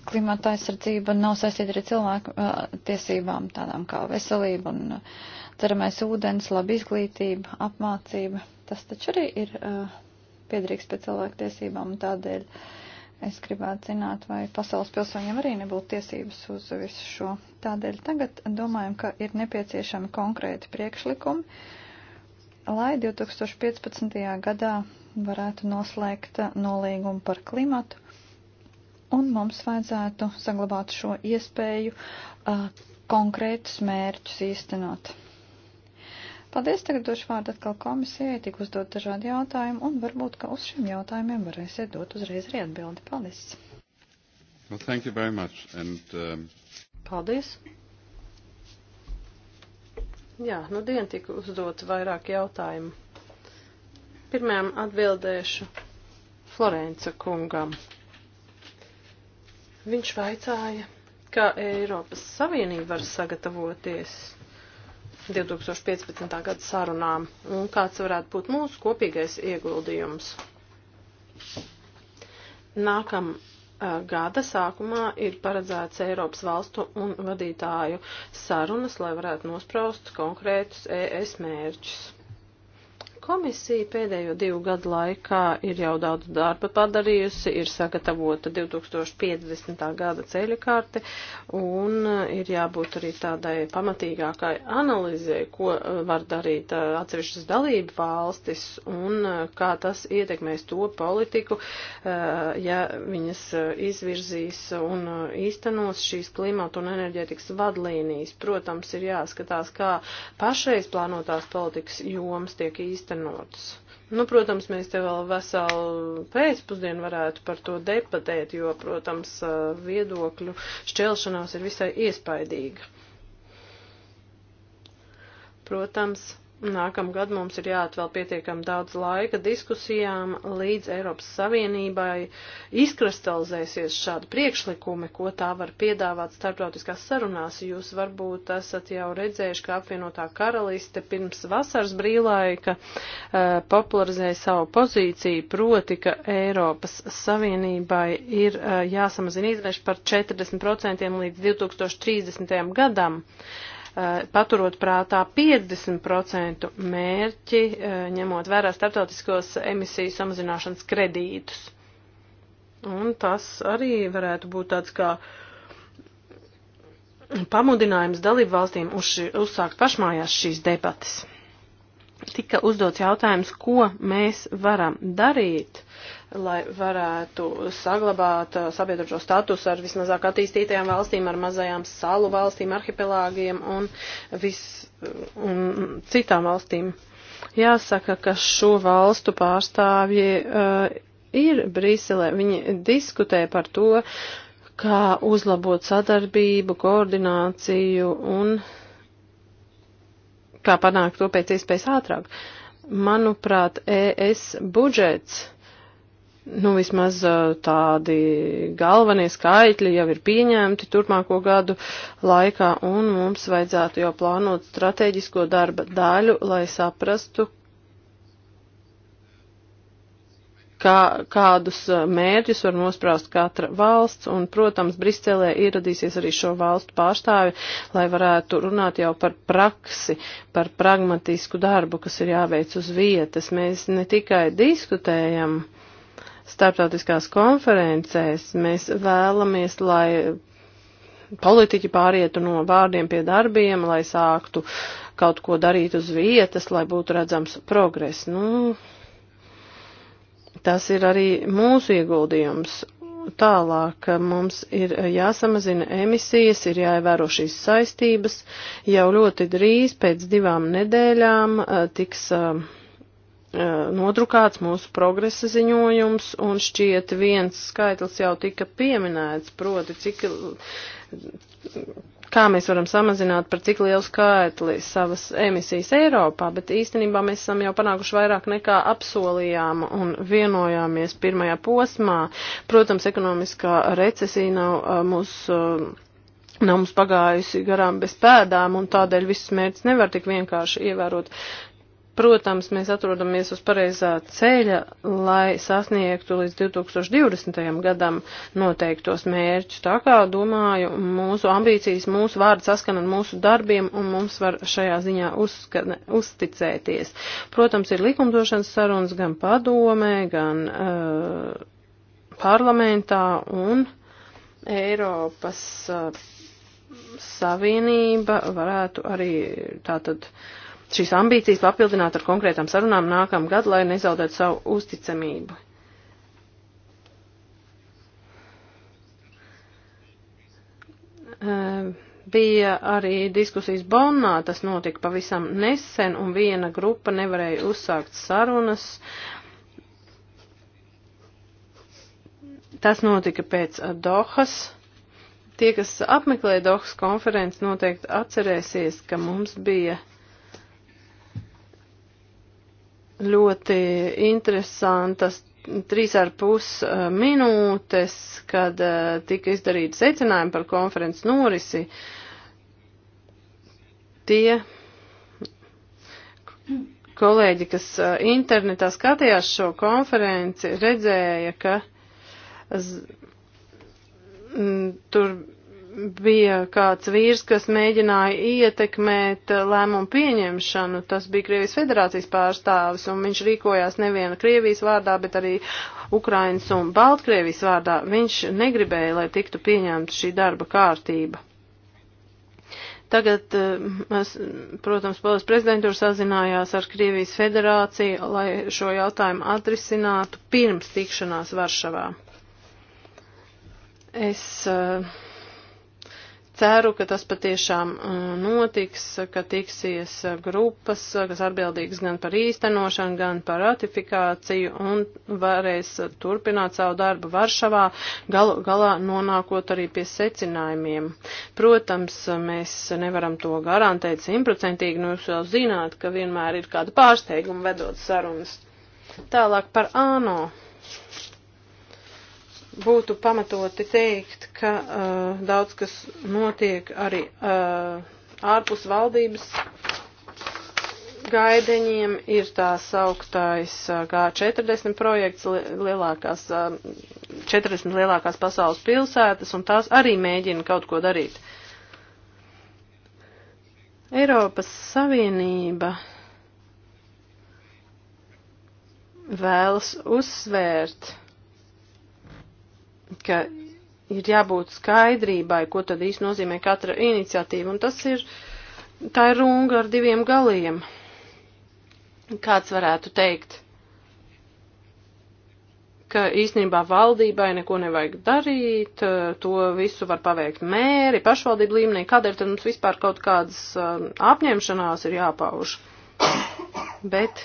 klimata aizsardzība nav saistīta ar cilvēku uh, tiesībām, tādām kā veselība un ceramais uh, ūdens, laba izglītība, apmācība. Tas taču arī ir piedrīgs pie cilvēku tiesībām un tādēļ es gribētu zināt, vai pasaules pilsoņiem arī nebūtu tiesības uz visu šo. Tādēļ tagad domājam, ka ir nepieciešami konkrēti priekšlikumi lai 2015. gadā varētu noslēgt nolīgumu par klimatu, un mums vajadzētu saglabāt šo iespēju uh, konkrētus mērķus īstenot. Paldies, tagad došu vārdu atkal komisijai, tik uzdot dažādi jautājumi, un varbūt, ka uz šiem jautājumiem varēsiet dot uzreiz arī atbildi. Paldies! Well, thank you very much. And, um... Paldies! Jā, nu dien tika uzdot vairāk jautājumu. Pirmajam atbildēšu Florenca kungam. Viņš vaicāja, kā Eiropas Savienība var sagatavoties 2015. gada sarunām un kāds varētu būt mūsu kopīgais ieguldījums. Nākam Uh, gada sākumā ir paredzēts Eiropas valstu un vadītāju sarunas, lai varētu nospraust konkrētus ES mērķus. Komisija pēdējo divu gadu laikā ir jau daudz darba padarījusi, ir sagatavota 2050. gada ceļakārte un eh, ir jābūt arī tādai pamatīgākai analīzē, ko eh, var darīt eh, atsevišķas dalību valstis un kā tas ietekmēs to politiku, ja viņas izvirzīs un īstenos šīs klimata un enerģētikas vadlīnijas. Protams, ir jāskatās, kā pašreiz plānotās politikas jomas tiek īstenotas īstenots. Nu, protams, mēs te vēl veselu pēcpusdienu varētu par to debatēt, jo, protams, viedokļu šķelšanās ir visai iespaidīga. Protams, Nākamgad mums ir jāatvēl pietiekam daudz laika diskusijām, līdz Eiropas Savienībai izkristalizēsies šādi priekšlikumi, ko tā var piedāvāt starptautiskās sarunās. Jūs varbūt esat jau redzējuši, ka apvienotā karaliste pirms vasaras brīvlaika uh, popularizēja savu pozīciju, proti, ka Eiropas Savienībai ir uh, jāsamazina izmeši par 40% līdz 2030. gadam. Uh, Uh, paturot prātā 50% mērķi, uh, ņemot vērā starptautiskos emisiju samazināšanas kredītus. Un tas arī varētu būt tāds kā pamudinājums dalību valstīm uz, uzsākt pašmājās šīs debatas tika uzdots jautājums, ko mēs varam darīt, lai varētu saglabāt uh, sabiedrošo statusu ar vismazāk attīstītajām valstīm, ar mazajām salu valstīm, arhipelāgiem un, vis, uh, un citām valstīm. Jāsaka, ka šo valstu pārstāvji uh, ir Brīselē. Viņi diskutē par to, kā uzlabot sadarbību, koordināciju un kā panākt to pēc iespējas ātrāk. Manuprāt, ES budžets nu, vismaz tādi galvenie skaitļi jau ir pieņemti turpmāko gadu laikā, un mums vajadzētu jau plānot strateģisko darba daļu, lai saprastu, kā, kādus mērķus var nosprāst katra valsts, un, protams, Briselē ieradīsies arī šo valstu pārstāvi, lai varētu runāt jau par praksi, par pragmatisku darbu, kas ir jāveic uz vietas. Mēs ne tikai diskutējam, uh, starptautiskās konferencēs. Mēs vēlamies, lai politiķi pārietu no vārdiem pie darbiem, lai sāktu kaut ko darīt uz vietas, lai būtu redzams progress. Nu, tas ir arī mūsu ieguldījums. Tālāk eh, mums ir jāsamazina emisijas, ir jāievēro šīs saistības. Jau ļoti drīz pēc divām nedēļām eh, tiks. Uh, E, nodrukāts mūsu progresa ziņojums, un šķiet viens skaitlis jau tika pieminēts, proti, cik, kā mēs varam samazināt par cik lielu skaitli savas emisijas Eiropā, bet īstenībā mēs esam jau panākuši vairāk nekā apsolījām un vienojāmies pirmajā posmā. Protams, ekonomiskā recesija nav e, mūsu e, nav mums pagājusi garām bez pēdām, un tādēļ visus mērķus nevar tik vienkārši ievērot. Protams, mēs atrodamies uz pareizā ceļa, lai sasniegtu līdz 2020. gadam noteiktos mērķus. Tā kā, domāju, mūsu ambīcijas, mūsu vārdi saskana ar mūsu darbiem un mums var šajā ziņā uzskana, uzticēties. Protams, ir likumdošanas sarunas gan padomē, gan uh, parlamentā un Eiropas. Uh, Savienība varētu arī tātad uh, šīs ambīcijas papildināt ar konkrētām sarunām nākamā gada, lai nezaudētu savu uzticamību. Ehm, bija arī diskusijas Bonnā, tas notika pavisam nesen, un viena grupa nevarēja uzsākt sarunas. Tas notika pēc eh, Dohas. Tie, kas apmeklēja Dohas konferenci, noteikti atcerēsies, ka mums bija ļoti interesantas trīs ar pus eh, minūtes, kad eh, tika izdarīti secinājumi par konferences norisi. Tie kolēģi, kas eh, internetā skatījās šo konferenci, redzēja, ka tur bija kāds vīrs, kas mēģināja ietekmēt eh, lēmumu pieņemšanu. Tas bija Krievijas federācijas pārstāvis, un viņš rīkojās neviena Krievijas vārdā, bet arī Ukrainas un Baltkrievijas vārdā. Viņš negribēja, lai tiktu pieņemta šī darba kārtība. Tagad, mēs, eh, protams, Polijas prezidentūra sazinājās ar Krievijas federāciju, lai šo jautājumu atrisinātu pirms tikšanās Varšavā. Es uh, ceru, ka tas patiešām uh, notiks, ka tiksies uh, grupas, uh, kas atbildīgas gan par īstenošanu, gan par ratifikāciju un varēs turpināt savu darbu Varšavā, gal, galā nonākot arī pie secinājumiem. Protams, mēs nevaram to garantēt simtprocentīgi, nu jūs jau zināt, ka vienmēr ir kāda pārsteiguma vedot sarunas. Tālāk par ANO būtu pamatoti teikt, ka uh, daudz kas notiek arī uh, ārpus valdības gaideņiem ir tā sauktais uh, G40 projekts lielākās, 40 uh, lielākās pasaules pilsētas, un tās arī mēģina kaut ko darīt. Eiropas Savienība vēlas uzsvērt ka ir jābūt skaidrībai, ko tad īsti nozīmē katra iniciatīva, un tas ir, tā ir runga ar diviem galiem, kāds varētu teikt ka īstenībā valdībai neko nevajag darīt, to visu var paveikt mēri, pašvaldību līmenī, kādēļ tad mums vispār kaut kādas um, apņemšanās ir jāpauž. Bet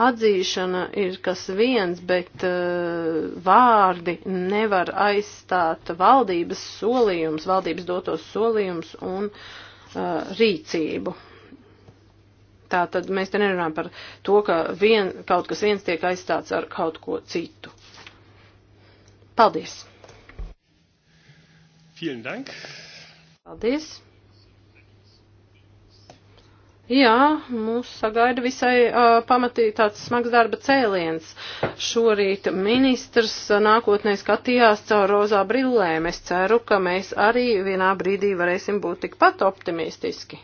Atzīšana ir kas viens, bet uh, vārdi nevar aizstāt valdības solījums, valdības dotos solījums un uh, rīcību. Tātad mēs te nerunājam par to, ka vien, kaut kas viens tiek aizstāts ar kaut ko citu. Paldies! Vielen Dank! Paldies! Jā, mūs sagaida visai uh, pamatīgi tāds smags darba cēliens. Šorīt ministrs nākotnē skatījās caur rozā brillēm. Es ceru, ka mēs arī vienā brīdī varēsim būt tikpat optimistiski.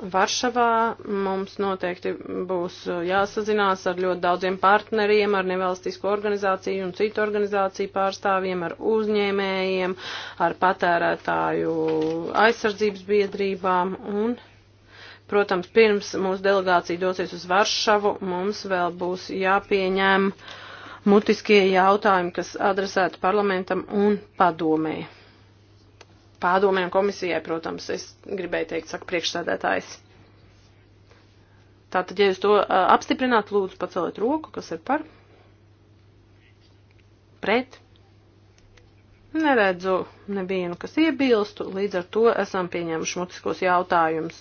Varšavā mums noteikti būs uh, jāsazinās ar ļoti daudziem partneriem, ar nevalstisko organizāciju un citu organizāciju pārstāvjiem, ar uzņēmējiem, ar patērētāju aizsardzības biedrībām un, protams, pirms mūsu delegācija dosies uz Varšavu, mums vēl būs jāpieņem mutiskie jautājumi, kas adresēti parlamentam un padomēji pārdomiem komisijai, protams, es gribēju teikt, saka priekšsēdētājs. Tātad, ja jūs to uh, apstiprināt, lūdzu paceliet roku, kas ir par. Pret. Neredzu nevienu, kas iebilstu, līdz ar to esam pieņēmuši mutiskos jautājumus.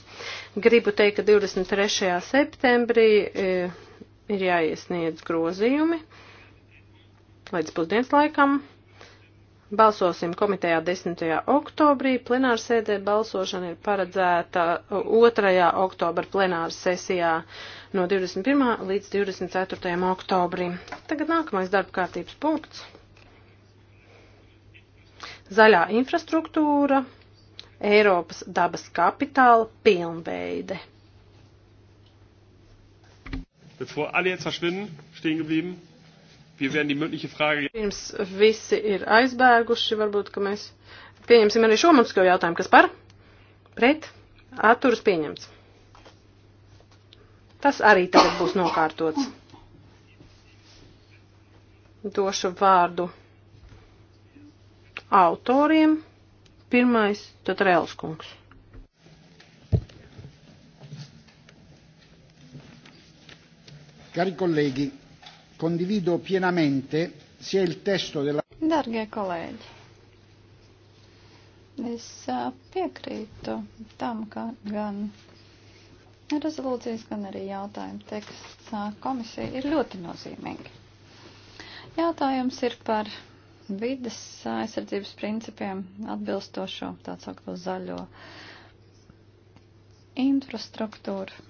Gribu teikt, ka 23. septembrī e, ir jāiesniedz grozījumi līdz pusdienas laikam. Balsosim komitejā 10. oktobrī, plenārsēdē balsošana ir paredzēta 2. oktobra plenāra sesijā no 21. līdz 24. oktobrim. Tagad nākamais darba kārtības punkts. Zaļā infrastruktūra, Eiropas dabas kapitāla pilnveide. Bevor alle jetzt verschwinden, stehen geblieben. Pirms visi ir aizbēguši, varbūt, ka mēs pieņemsim arī šo mums, ko jautājumu, kas par? Pret? Atturas pieņemts. Tas arī tagad būs nokārtots. Došu vārdu autoriem. Pirmais, tad Rēlskungs. Cari colleghi, condivido pienamente sia il testo della. Dargie colleghi, es piekrītu tam, ka gan rezolūcijas, gan arī jautājuma teksts komisija ir ļoti nozīmīgi. Jautājums ir par vidas aizsardzības principiem atbilstošo tā saukto zaļo infrastruktūru.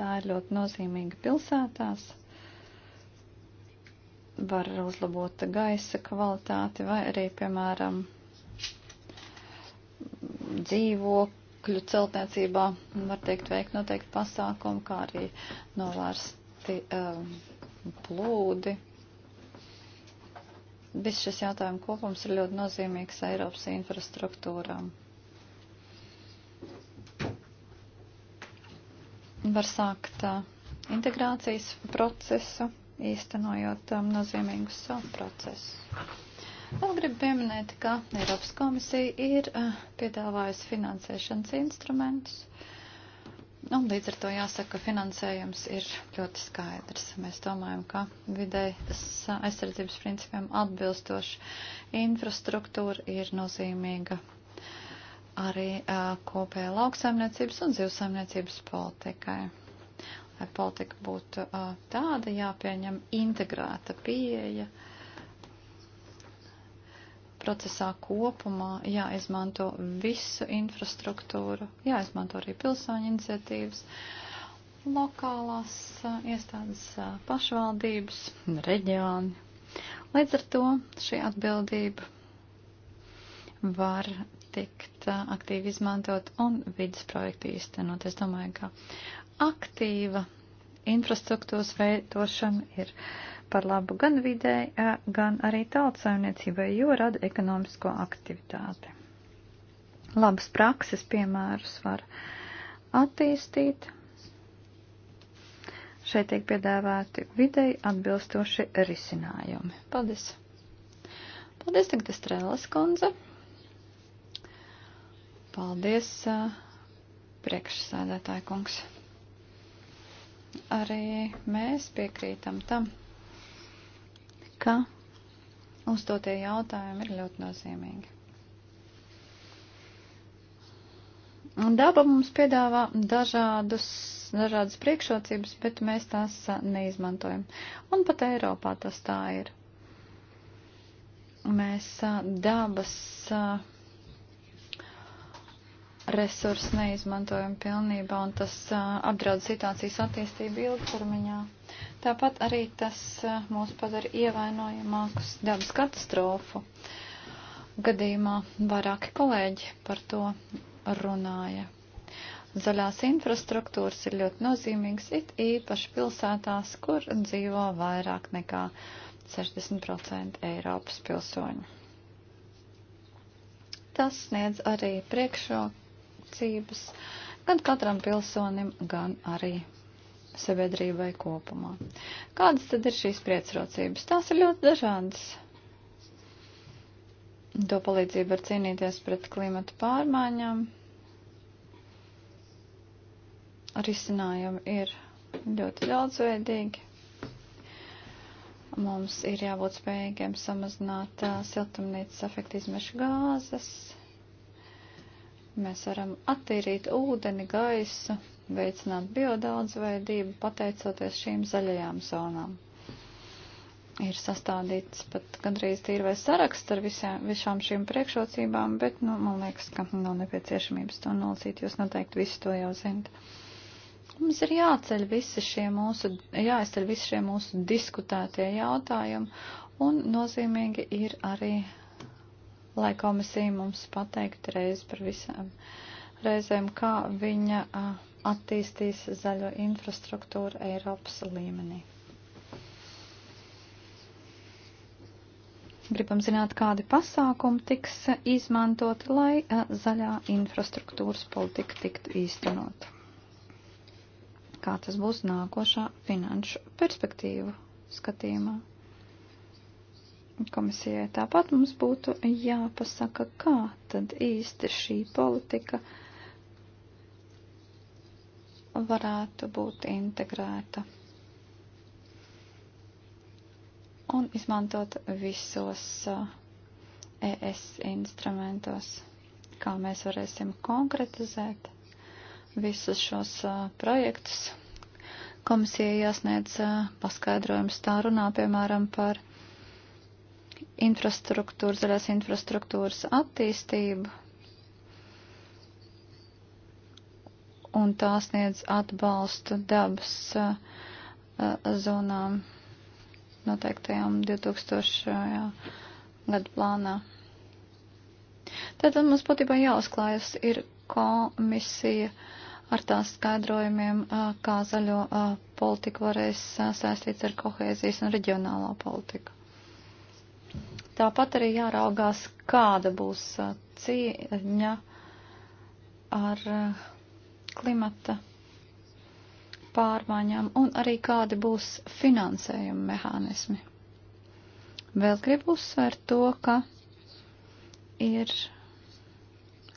Tā ir ļoti nozīmīga pilsētās var uzlabot gaisa kvalitāti vai arī, piemēram, dzīvokļu celtniecībā var teikt veikt noteikti pasākumi, kā arī novērsti um, plūdi. Viss šis jautājumu kopums ir ļoti nozīmīgs Eiropas infrastruktūrām. Var sākt uh, integrācijas procesu īstenojot um, nozīmīgus savu uh, procesu. Vēl gribu pieminēt, ka Eiropas komisija ir uh, piedāvājusi finansēšanas instrumentus. Un nu, līdz ar to jāsaka, ka finansējums ir ļoti skaidrs. Mēs domājam, ka vidējas uh, aizsardzības principiem atbilstoša infrastruktūra ir nozīmīga arī uh, kopējai lauksaimniecības un zivsaimniecības politikai lai politika būtu tāda, jāpieņem integrēta pieeja procesā kopumā, jāizmanto visu infrastruktūru, jāizmanto arī pilsoņu iniciatīvas, lokālās iestādes pašvaldības, reģioni. Līdz ar to šī atbildība var tikt aktīvi izmantot un vidas projekti īstenot. Es domāju, ka aktīva infrastruktūras veidošana ir par labu gan vidē, gan arī tautsaimniecībai, jo rada ekonomisko aktivitāti. Labas prakses piemērus var attīstīt. Šeit tiek piedāvāti videi atbilstoši risinājumi. Paldies! Paldies, tagad Estrēlas kundze. Paldies, priekšsēdētāja kungs. Arī mēs piekrītam tam, ka uzdotie jautājumi ir ļoti nozīmīgi. Daba mums piedāvā dažādus, dažādas priekšrocības, bet mēs tās neizmantojam. Un pat Eiropā tas tā ir. Mēs dabas. Uh, resursi neizmantojam pilnībā, un tas apdraud situācijas attīstību ilgtermiņā. Tāpat arī tas mūs padara ievainojamākus dabas katastrofu gadījumā. Vairāki kolēģi par to runāja. Zaļās infrastruktūras ir ļoti nozīmīgas, it īpaši pilsētās, kur dzīvo vairāk nekā 60% Eiropas pilsoņu. Tas sniedz arī priekšroku vajadzības gan katram pilsonim, gan arī sabiedrībai kopumā. Kādas tad ir šīs priecrocības? Tās ir ļoti dažādas. To palīdzību var cīnīties pret klimata pārmaiņām. Risinājumi ir ļoti daudzveidīgi. Mums ir jābūt spējīgiem samazināt uh, siltumnīcas efekta izmešu gāzes, Mēs varam attīrīt ūdeni, gaisu, veicināt biodaudzveidību pateicoties šīm zaļajām zonām. Ir sastādīts pat gandrīz tīrvais saraksts ar visām, visām šīm priekšrocībām, bet, nu, man liekas, ka nav nepieciešamības to nolasīt, jūs noteikti visi to jau zinat. Mums ir jāceļ visi šie mūsu, jāizceļ visi šie mūsu diskutētie jautājumi, un nozīmīgi ir arī lai komisija mums pateiktu reiz par visām reizēm, kā viņa attīstīs zaļo infrastruktūru Eiropas līmenī. Gribam zināt, kādi pasākumi tiks izmantoti, lai zaļā infrastruktūras politika tiktu īstenot. Kā tas būs nākošā finanšu perspektīvu skatījumā? komisijai. Tāpat mums būtu jāpasaka, kā tad īsti šī politika varētu būt integrēta un izmantot visos uh, ES instrumentos, kā mēs varēsim konkretizēt visus šos uh, projektus. Komisija iesniedz uh, paskaidrojums tā runā, piemēram, par infrastruktūras, zaļās infrastruktūras attīstību. Un tā sniedz atbalstu dabas uh, zonām noteiktajām 2000. Jā, gadu plānā. Tātad mums būtībā jāuzklājas ir komisija ar tās skaidrojumiem, kā zaļo politiku varēs saistīt ar kohēzijas un reģionālo politiku. Tāpat arī jāraugās, kāda būs uh, cieņa ar uh, klimata pārmaiņām un arī kādi būs finansējuma mehānismi. Vēl gribu uzsvērt to, ka ir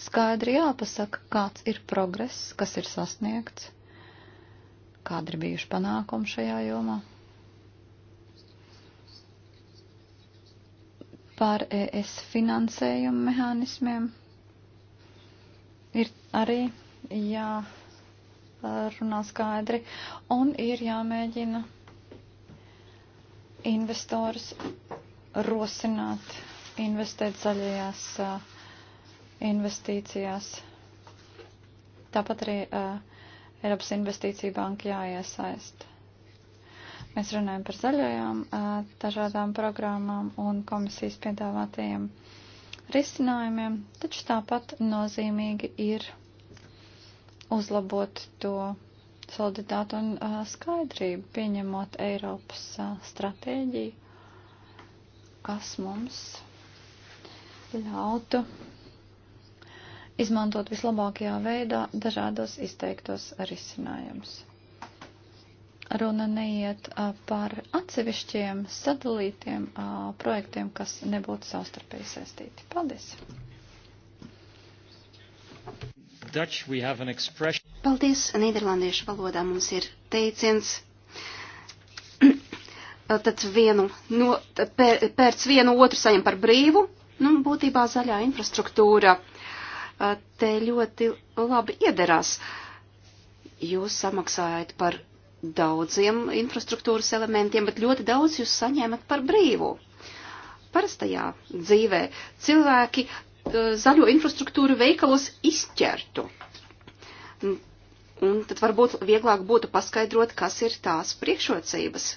skaidri jāpasaka, kāds ir progress, kas ir sasniegts, kādi ir bijuši panākumi šajā jomā. par ES finansējumu mehānismiem ir arī jārunā skaidri un ir jāmēģina investors rosināt investēt zaļajās investīcijās. Tāpat arī Eiropas investīcija banka jāiesaista. Mēs runājam par zaļajām dažādām programmām un komisijas piedāvātajiem risinājumiem, taču tāpat nozīmīgi ir uzlabot to solidaritāti un uh, skaidrību, pieņemot Eiropas uh, stratēģiju, kas mums ļautu izmantot vislabākajā veidā dažādos izteiktos risinājumus runa neiet par atsevišķiem sadalītiem projektiem, kas nebūtu savstarpēji saistīti. Paldies! Dutch, we have an expression. Paldies, Nīderlandiešu valodā mums ir teiciens. tad vienu, no, tad pēr, pērts vienu otru saņem par brīvu, nu, būtībā zaļā infrastruktūra te ļoti labi iederās. Jūs samaksājat par daudziem infrastruktūras elementiem, bet ļoti daudz jūs saņēmat par brīvu. Parastajā dzīvē cilvēki eh, zaļo infrastruktūru veikalos izķertu. Un tad varbūt vieglāk būtu paskaidrot, kas ir tās priekšrocības.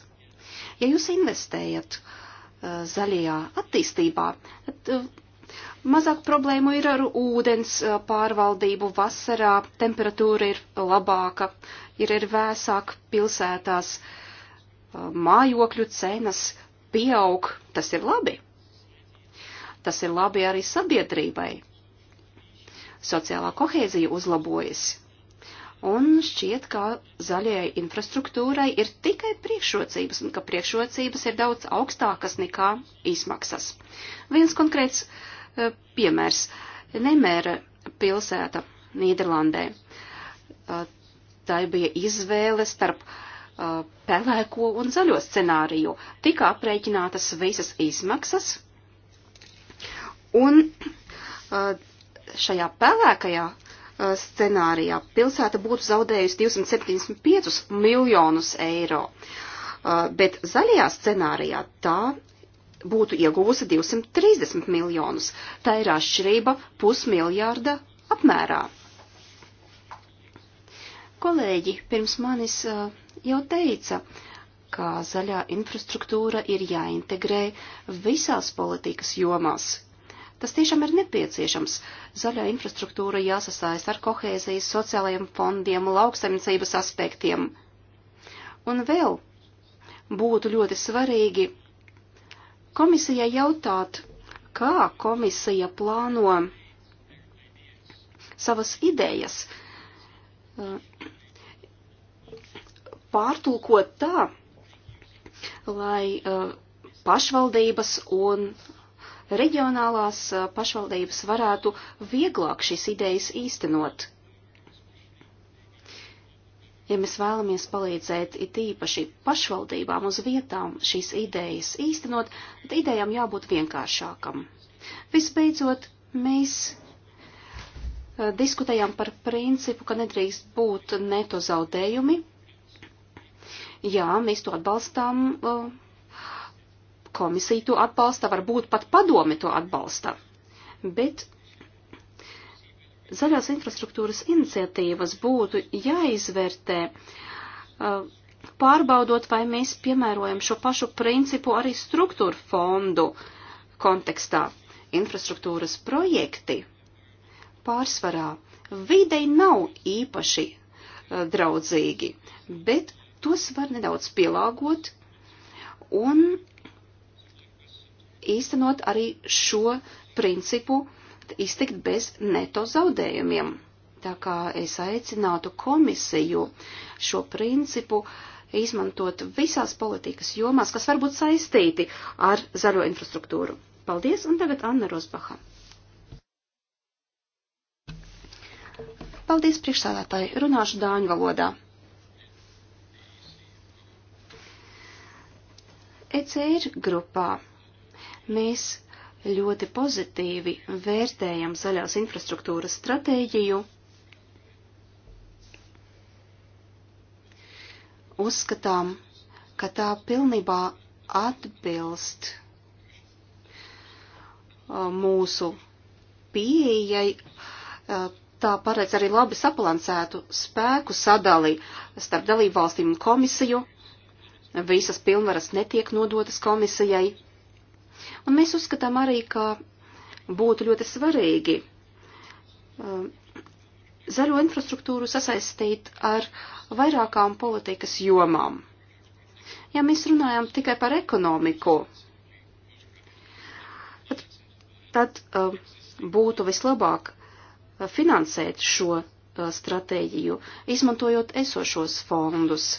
Ja jūs investējat eh, zaļajā attīstībā, tad Mazāk problēmu ir ar ūdens pārvaldību vasarā, temperatūra ir labāka, ir ir vēsāk pilsētās, mājokļu cenas pieaug, tas ir labi. Tas ir labi arī sabiedrībai. Sociālā kohēzija uzlabojas. Un šķiet, ka zaļajai infrastruktūrai ir tikai priekšrocības, un ka priekšrocības ir daudz augstākas nekā izmaksas. Viens konkrēts uh, Eh, piemērs. Nemēra pilsēta Nīderlandē. Eh, tā bija izvēle starp eh, pelēko un zaļo scenāriju. Tika aprēķinātas visas izmaksas, un šajā pelēkajā scenārijā pilsēta būtu zaudējusi 275 miljonus eiro. Bet zaļajā scenārijā tā būtu ieguvusi 230 miljonus. Tā ir atšķirība pusmiljārda apmērā. Kolēģi pirms manis uh, jau teica, ka zaļā infrastruktūra ir jāintegrē visās politikas jomās. Tas tiešām ir nepieciešams. Zaļā infrastruktūra jāsasaist ar kohēzijas, sociālajiem fondiem, lauksaimniecības aspektiem. Un vēl būtu ļoti svarīgi komisijai jautāt, kā komisija plāno savas idejas eh, pārtulkot tā, lai eh, pašvaldības un reģionālās eh, pašvaldības varētu vieglāk šīs idejas īstenot. Ja mēs vēlamies palīdzēt it īpaši pašvaldībām uz vietām šīs idejas īstenot, tad idejām jābūt vienkāršākam. Visbeidzot, mēs e, diskutējām par principu, ka nedrīkst būt neto zaudējumi. Jā, mēs to atbalstām, e, komisija to atbalsta, varbūt pat padome to atbalsta. Bet zaļās infrastruktūras iniciatīvas būtu jāizvērtē, uh, pārbaudot, vai mēs piemērojam šo pašu principu arī struktūra fondu kontekstā. Infrastruktūras projekti pārsvarā videi nav īpaši uh, draudzīgi, bet tos var nedaudz pielāgot un īstenot arī šo principu uh, tikt iztikt bez neto zaudējumiem. Tā kā es aicinātu komisiju šo principu izmantot visās politikas jomās, kas varbūt saistīti ar zaļo infrastruktūru. Paldies, un tagad Anna Rosbaha. Paldies, priekšsādātāji, runāšu dāņu valodā. ECR grupā mēs ļoti pozitīvi vērtējam zaļās infrastruktūras stratēģiju. Uzskatām, ka tā pilnībā atbilst uh, mūsu pieejai. Uh, tā paredz arī labi sabalansētu spēku sadali starp dalībvalstīm un komisiju. Visas pilnvaras netiek nodotas komisijai, Un mēs uzskatām arī, ka būtu ļoti svarīgi um, zaļo infrastruktūru sasaistīt ar vairākām politikas jomām. Ja mēs runājam tikai par ekonomiku, tad, tad um, būtu vislabāk uh, finansēt šo uh, stratēģiju, izmantojot esošos fondus.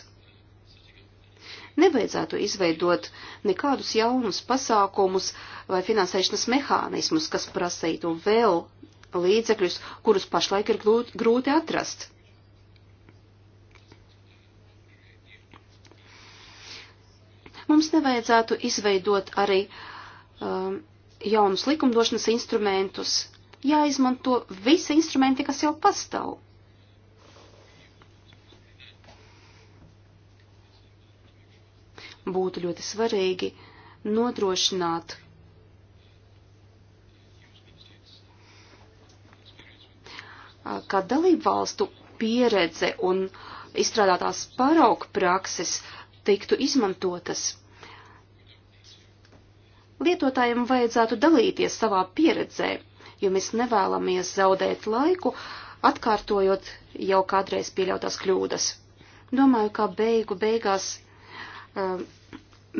Nevajadzētu izveidot nekādus jaunus pasākumus vai finansēšanas mehānismus, kas prasītu vēl līdzekļus, kurus pašlaik ir grūti atrast. Mums nevajadzētu izveidot arī um, jaunus likumdošanas instrumentus, jāizmanto visi instrumenti, kas jau pastāv. būtu ļoti svarīgi nodrošināt ka dalību valstu pieredze un izstrādātās parauga prakses tiktu izmantotas. Lietotājiem vajadzētu dalīties savā pieredzē, jo mēs nevēlamies zaudēt laiku, atkārtojot jau kādreiz pieļautās kļūdas. Domāju, ka beigu beigās um,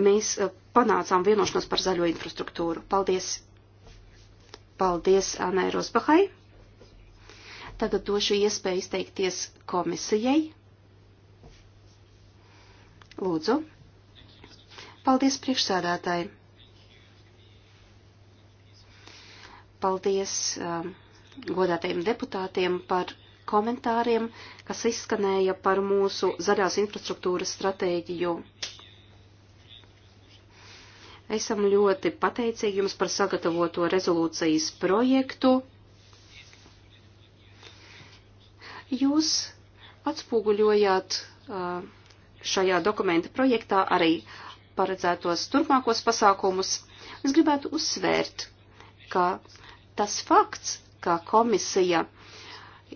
mēs eh, panācām vienošanos par zaļo infrastruktūru. Paldies! Paldies Anai Rosbahai! Tagad došu iespēju izteikties komisijai. Lūdzu. Paldies priekšsādātāji. Paldies um, godātajiem deputātiem par komentāriem, kas izskanēja par mūsu zaļās infrastruktūras stratēģiju Esam ļoti pateicīgi jums par sagatavoto rezolūcijas projektu. Jūs atspoguļojāt uh, šajā dokumenta projektā arī paredzētos turpmākos pasākumus. Es gribētu uzsvērt, ka tas fakts, ka komisija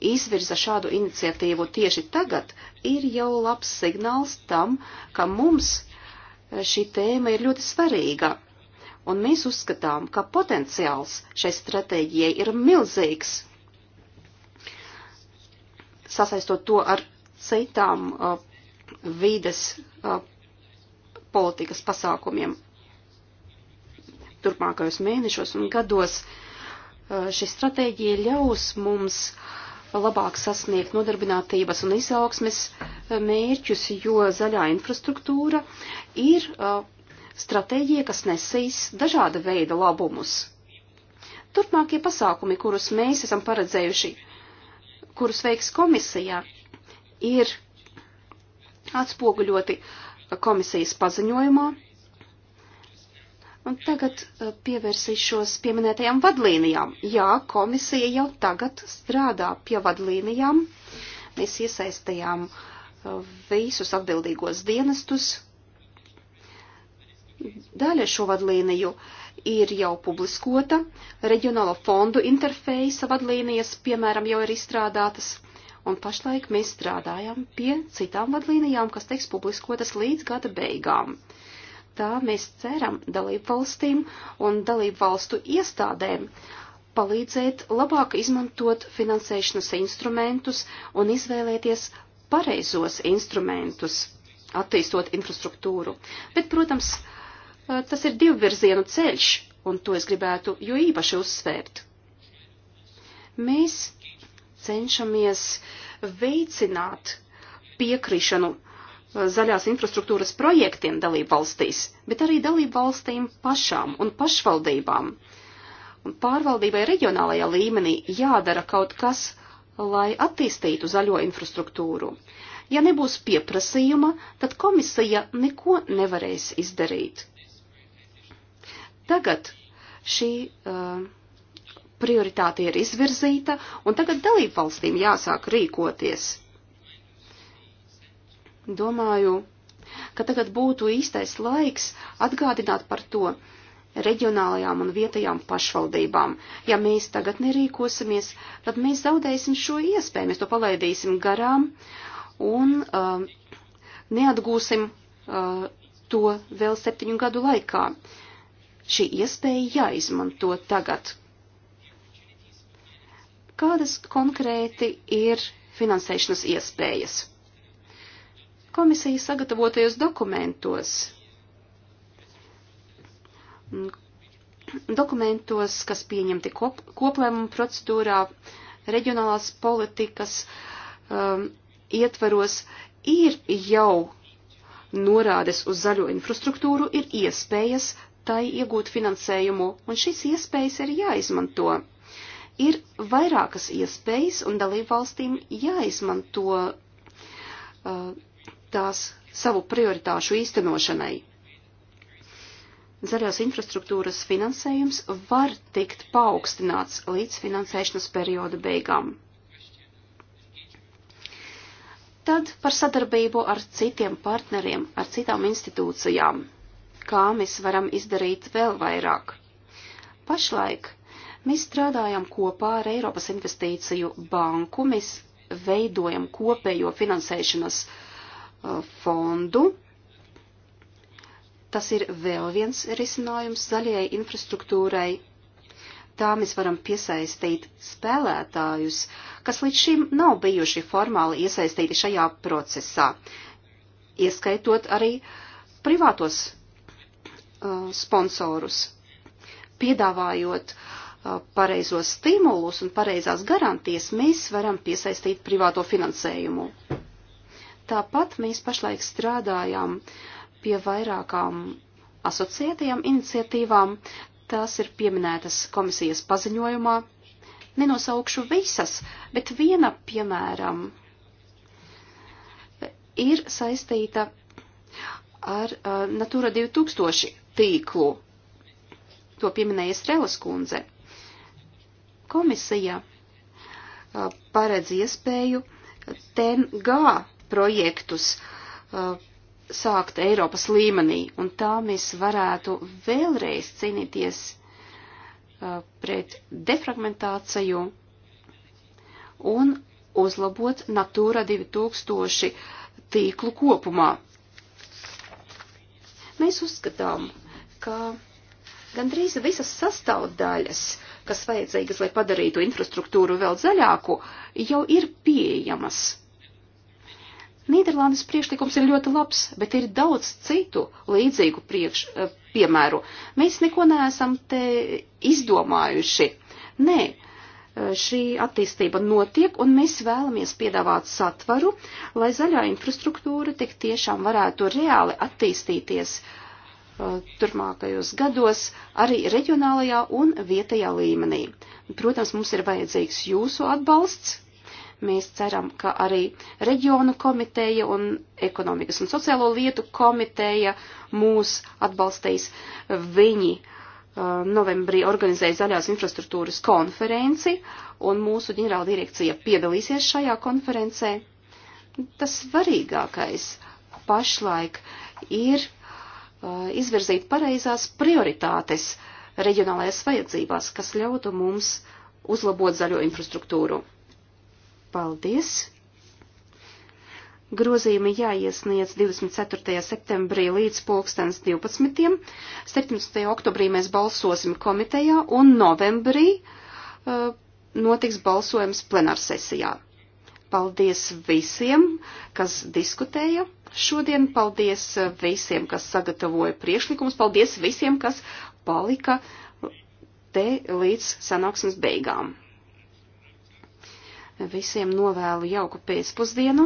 izvirza šādu iniciatīvu tieši tagad, ir jau labs signāls tam, ka mums šī tēma ir ļoti svarīga. Un mēs uzskatām, ka potenciāls šai stratēģijai ir milzīgs, sasaistot to ar citām uh, vides uh, politikas pasākumiem turpmākajos mēnešos un gados. Uh, šī stratēģija ļaus mums uh, labāk sasniegt nodarbinātības un izaugsmes eh, mērķus, jo zaļā infrastruktūra ir eh, stratēģija, kas nesīs dažāda veida labumus. Turpmākie pasākumi, kurus mēs esam paredzējuši, kurus veiks komisijā, ir atspoguļoti komisijas paziņojumā, Un tagad uh, pievērsīšos pieminētajām vadlīnijām. Jā, komisija jau tagad strādā pie vadlīnijām. Mēs iesaistījām uh, visus atbildīgos dienestus. Daļa šo vadlīniju ir jau publiskota. Reģionālo fondu interfeisa vadlīnijas, piemēram, jau ir izstrādātas. Un pašlaik mēs strādājam pie citām vadlīnijām, kas teiks publiskotas līdz gada beigām. Uh, Tā mēs ceram dalību valstīm un dalību valstu iestādēm palīdzēt labāk izmantot finansēšanas instrumentus un izvēlēties pareizos instrumentus, attīstot infrastruktūru. Bet, protams, eh, tas ir divvirzienu ceļš, un to es gribētu jo īpaši uzsvērt. Mēs cenšamies veicināt piekrišanu uh, zaļās infrastruktūras projektiem dalību valstīs, bet arī dalību valstīm pašām un pašvaldībām. Un pārvaldībai reģionālajā līmenī jādara kaut kas, lai attīstītu zaļo infrastruktūru. Ja nebūs pieprasījuma, tad komisija neko nevarēs izdarīt. Tagad šī uh, prioritāte ir izvirzīta, un tagad dalību valstīm jāsāk rīkoties Domāju, ka tagad būtu īstais laiks atgādināt par to reģionālajām un vietējām pašvaldībām. Ja mēs tagad nerīkosimies, tad mēs zaudēsim šo iespēju, mēs to palaidīsim garām un uh, neatgūsim uh, to vēl septiņu gadu laikā. Šī iespēja jāizmanto tagad. Kādas konkrēti ir finansēšanas iespējas? komisija sagatavotajos dokumentos. Dokumentos, kas pieņemti kop, koplēmumu procedūrā, reģionālās politikas um, ietvaros, ir jau norādes uz zaļo infrastruktūru, ir iespējas tai iegūt finansējumu, un šīs iespējas ir jāizmanto. Ir vairākas iespējas, un dalībvalstīm jāizmanto uh, tās savu prioritāšu īstenošanai. Zaļās infrastruktūras finansējums var tikt paaugstināts līdz finansēšanas perioda beigām. Tad par sadarbību ar citiem partneriem, ar citām institūcijām. Kā mēs varam izdarīt vēl vairāk? Pašlaik mēs strādājam kopā ar Eiropas investīciju banku, mēs veidojam kopējo finansēšanas uh, Uh, fondu. Tas ir vēl viens risinājums zaļajai infrastruktūrai. Tā mēs varam piesaistīt spēlētājus, kas līdz šim nav bijuši formāli iesaistīti šajā procesā, ieskaitot arī privātos uh, sponsorus, piedāvājot uh, pareizos stimulus un pareizās garantijas, mēs varam piesaistīt privāto finansējumu. Tāpat mēs pašlaik strādājam pie vairākām asociētajām iniciatīvām. Tās ir pieminētas komisijas paziņojumā. Nenosaukšu visas, bet viena, piemēram, ir saistīta ar uh, Natura 2000 tīklu. To pieminēja Strelas kundze. Komisija uh, paredz iespēju TNG projektus uh, sākt Eiropas līmenī, un tā mēs varētu vēlreiz cīnīties uh, pret defragmentāciju un uzlabot Natūra 2000 tīklu kopumā. Mēs uzskatām, ka gandrīz visas sastāvdaļas, kas vajadzīgas, lai padarītu infrastruktūru vēl zaļāku, jau ir pieejamas. Nīderlandes priekšlikums ir ļoti labs, bet ir daudz citu līdzīgu priekš, eh, piemēru. Mēs neko neesam te izdomājuši. Nē, eh, šī attīstība notiek, un mēs vēlamies piedāvāt satvaru, lai zaļā infrastruktūra tik tiešām varētu reāli attīstīties eh, turpmākajos gados arī reģionālajā un vietējā līmenī. Protams, mums ir vajadzīgs jūsu atbalsts, Mēs ceram, ka arī reģionu komiteja un ekonomikas un sociālo lietu komiteja mūs atbalstīs. Viņi uh, novembrī organizēja zaļās infrastruktūras konferenci, un mūsu ģenerāla direkcija piedalīsies šajā konferencē. Tas svarīgākais pašlaik ir uh, izvirzīt pareizās prioritātes reģionālajās vajadzībās, kas ļautu mums uzlabot zaļo infrastruktūru. Paldies! Grozījumi jāiesniedz 24. septembrī līdz pulkstens 12. 17. oktobrī mēs balsosim komitejā un novembrī uh, notiks balsojums plenārsesijā. Paldies visiem, kas diskutēja šodien, paldies visiem, kas sagatavoja priešlikumus, paldies visiem, kas palika te līdz sanāksmes beigām. Visiem novēlu jauku pēcpusdienu.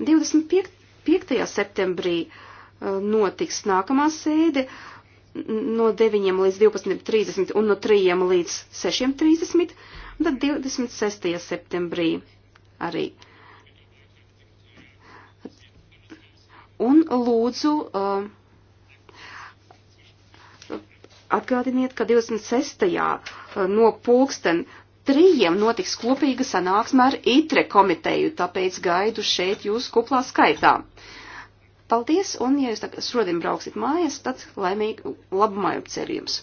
25. septembrī uh, notiks nākamā sēde no 9 līdz 12.30 un no 3 līdz 6.30, un tad 26. septembrī arī. Un lūdzu, uh, atgādiniet, ka 26. Uh, no pulksten trījiem notiks kopīga sanāksme ar ITRE komiteju, tāpēc gaidu šeit jūs kuplā skaitā. Paldies, un ja jūs tagad šodien brauksit mājas, tad laimīgi labu māju ceru jums!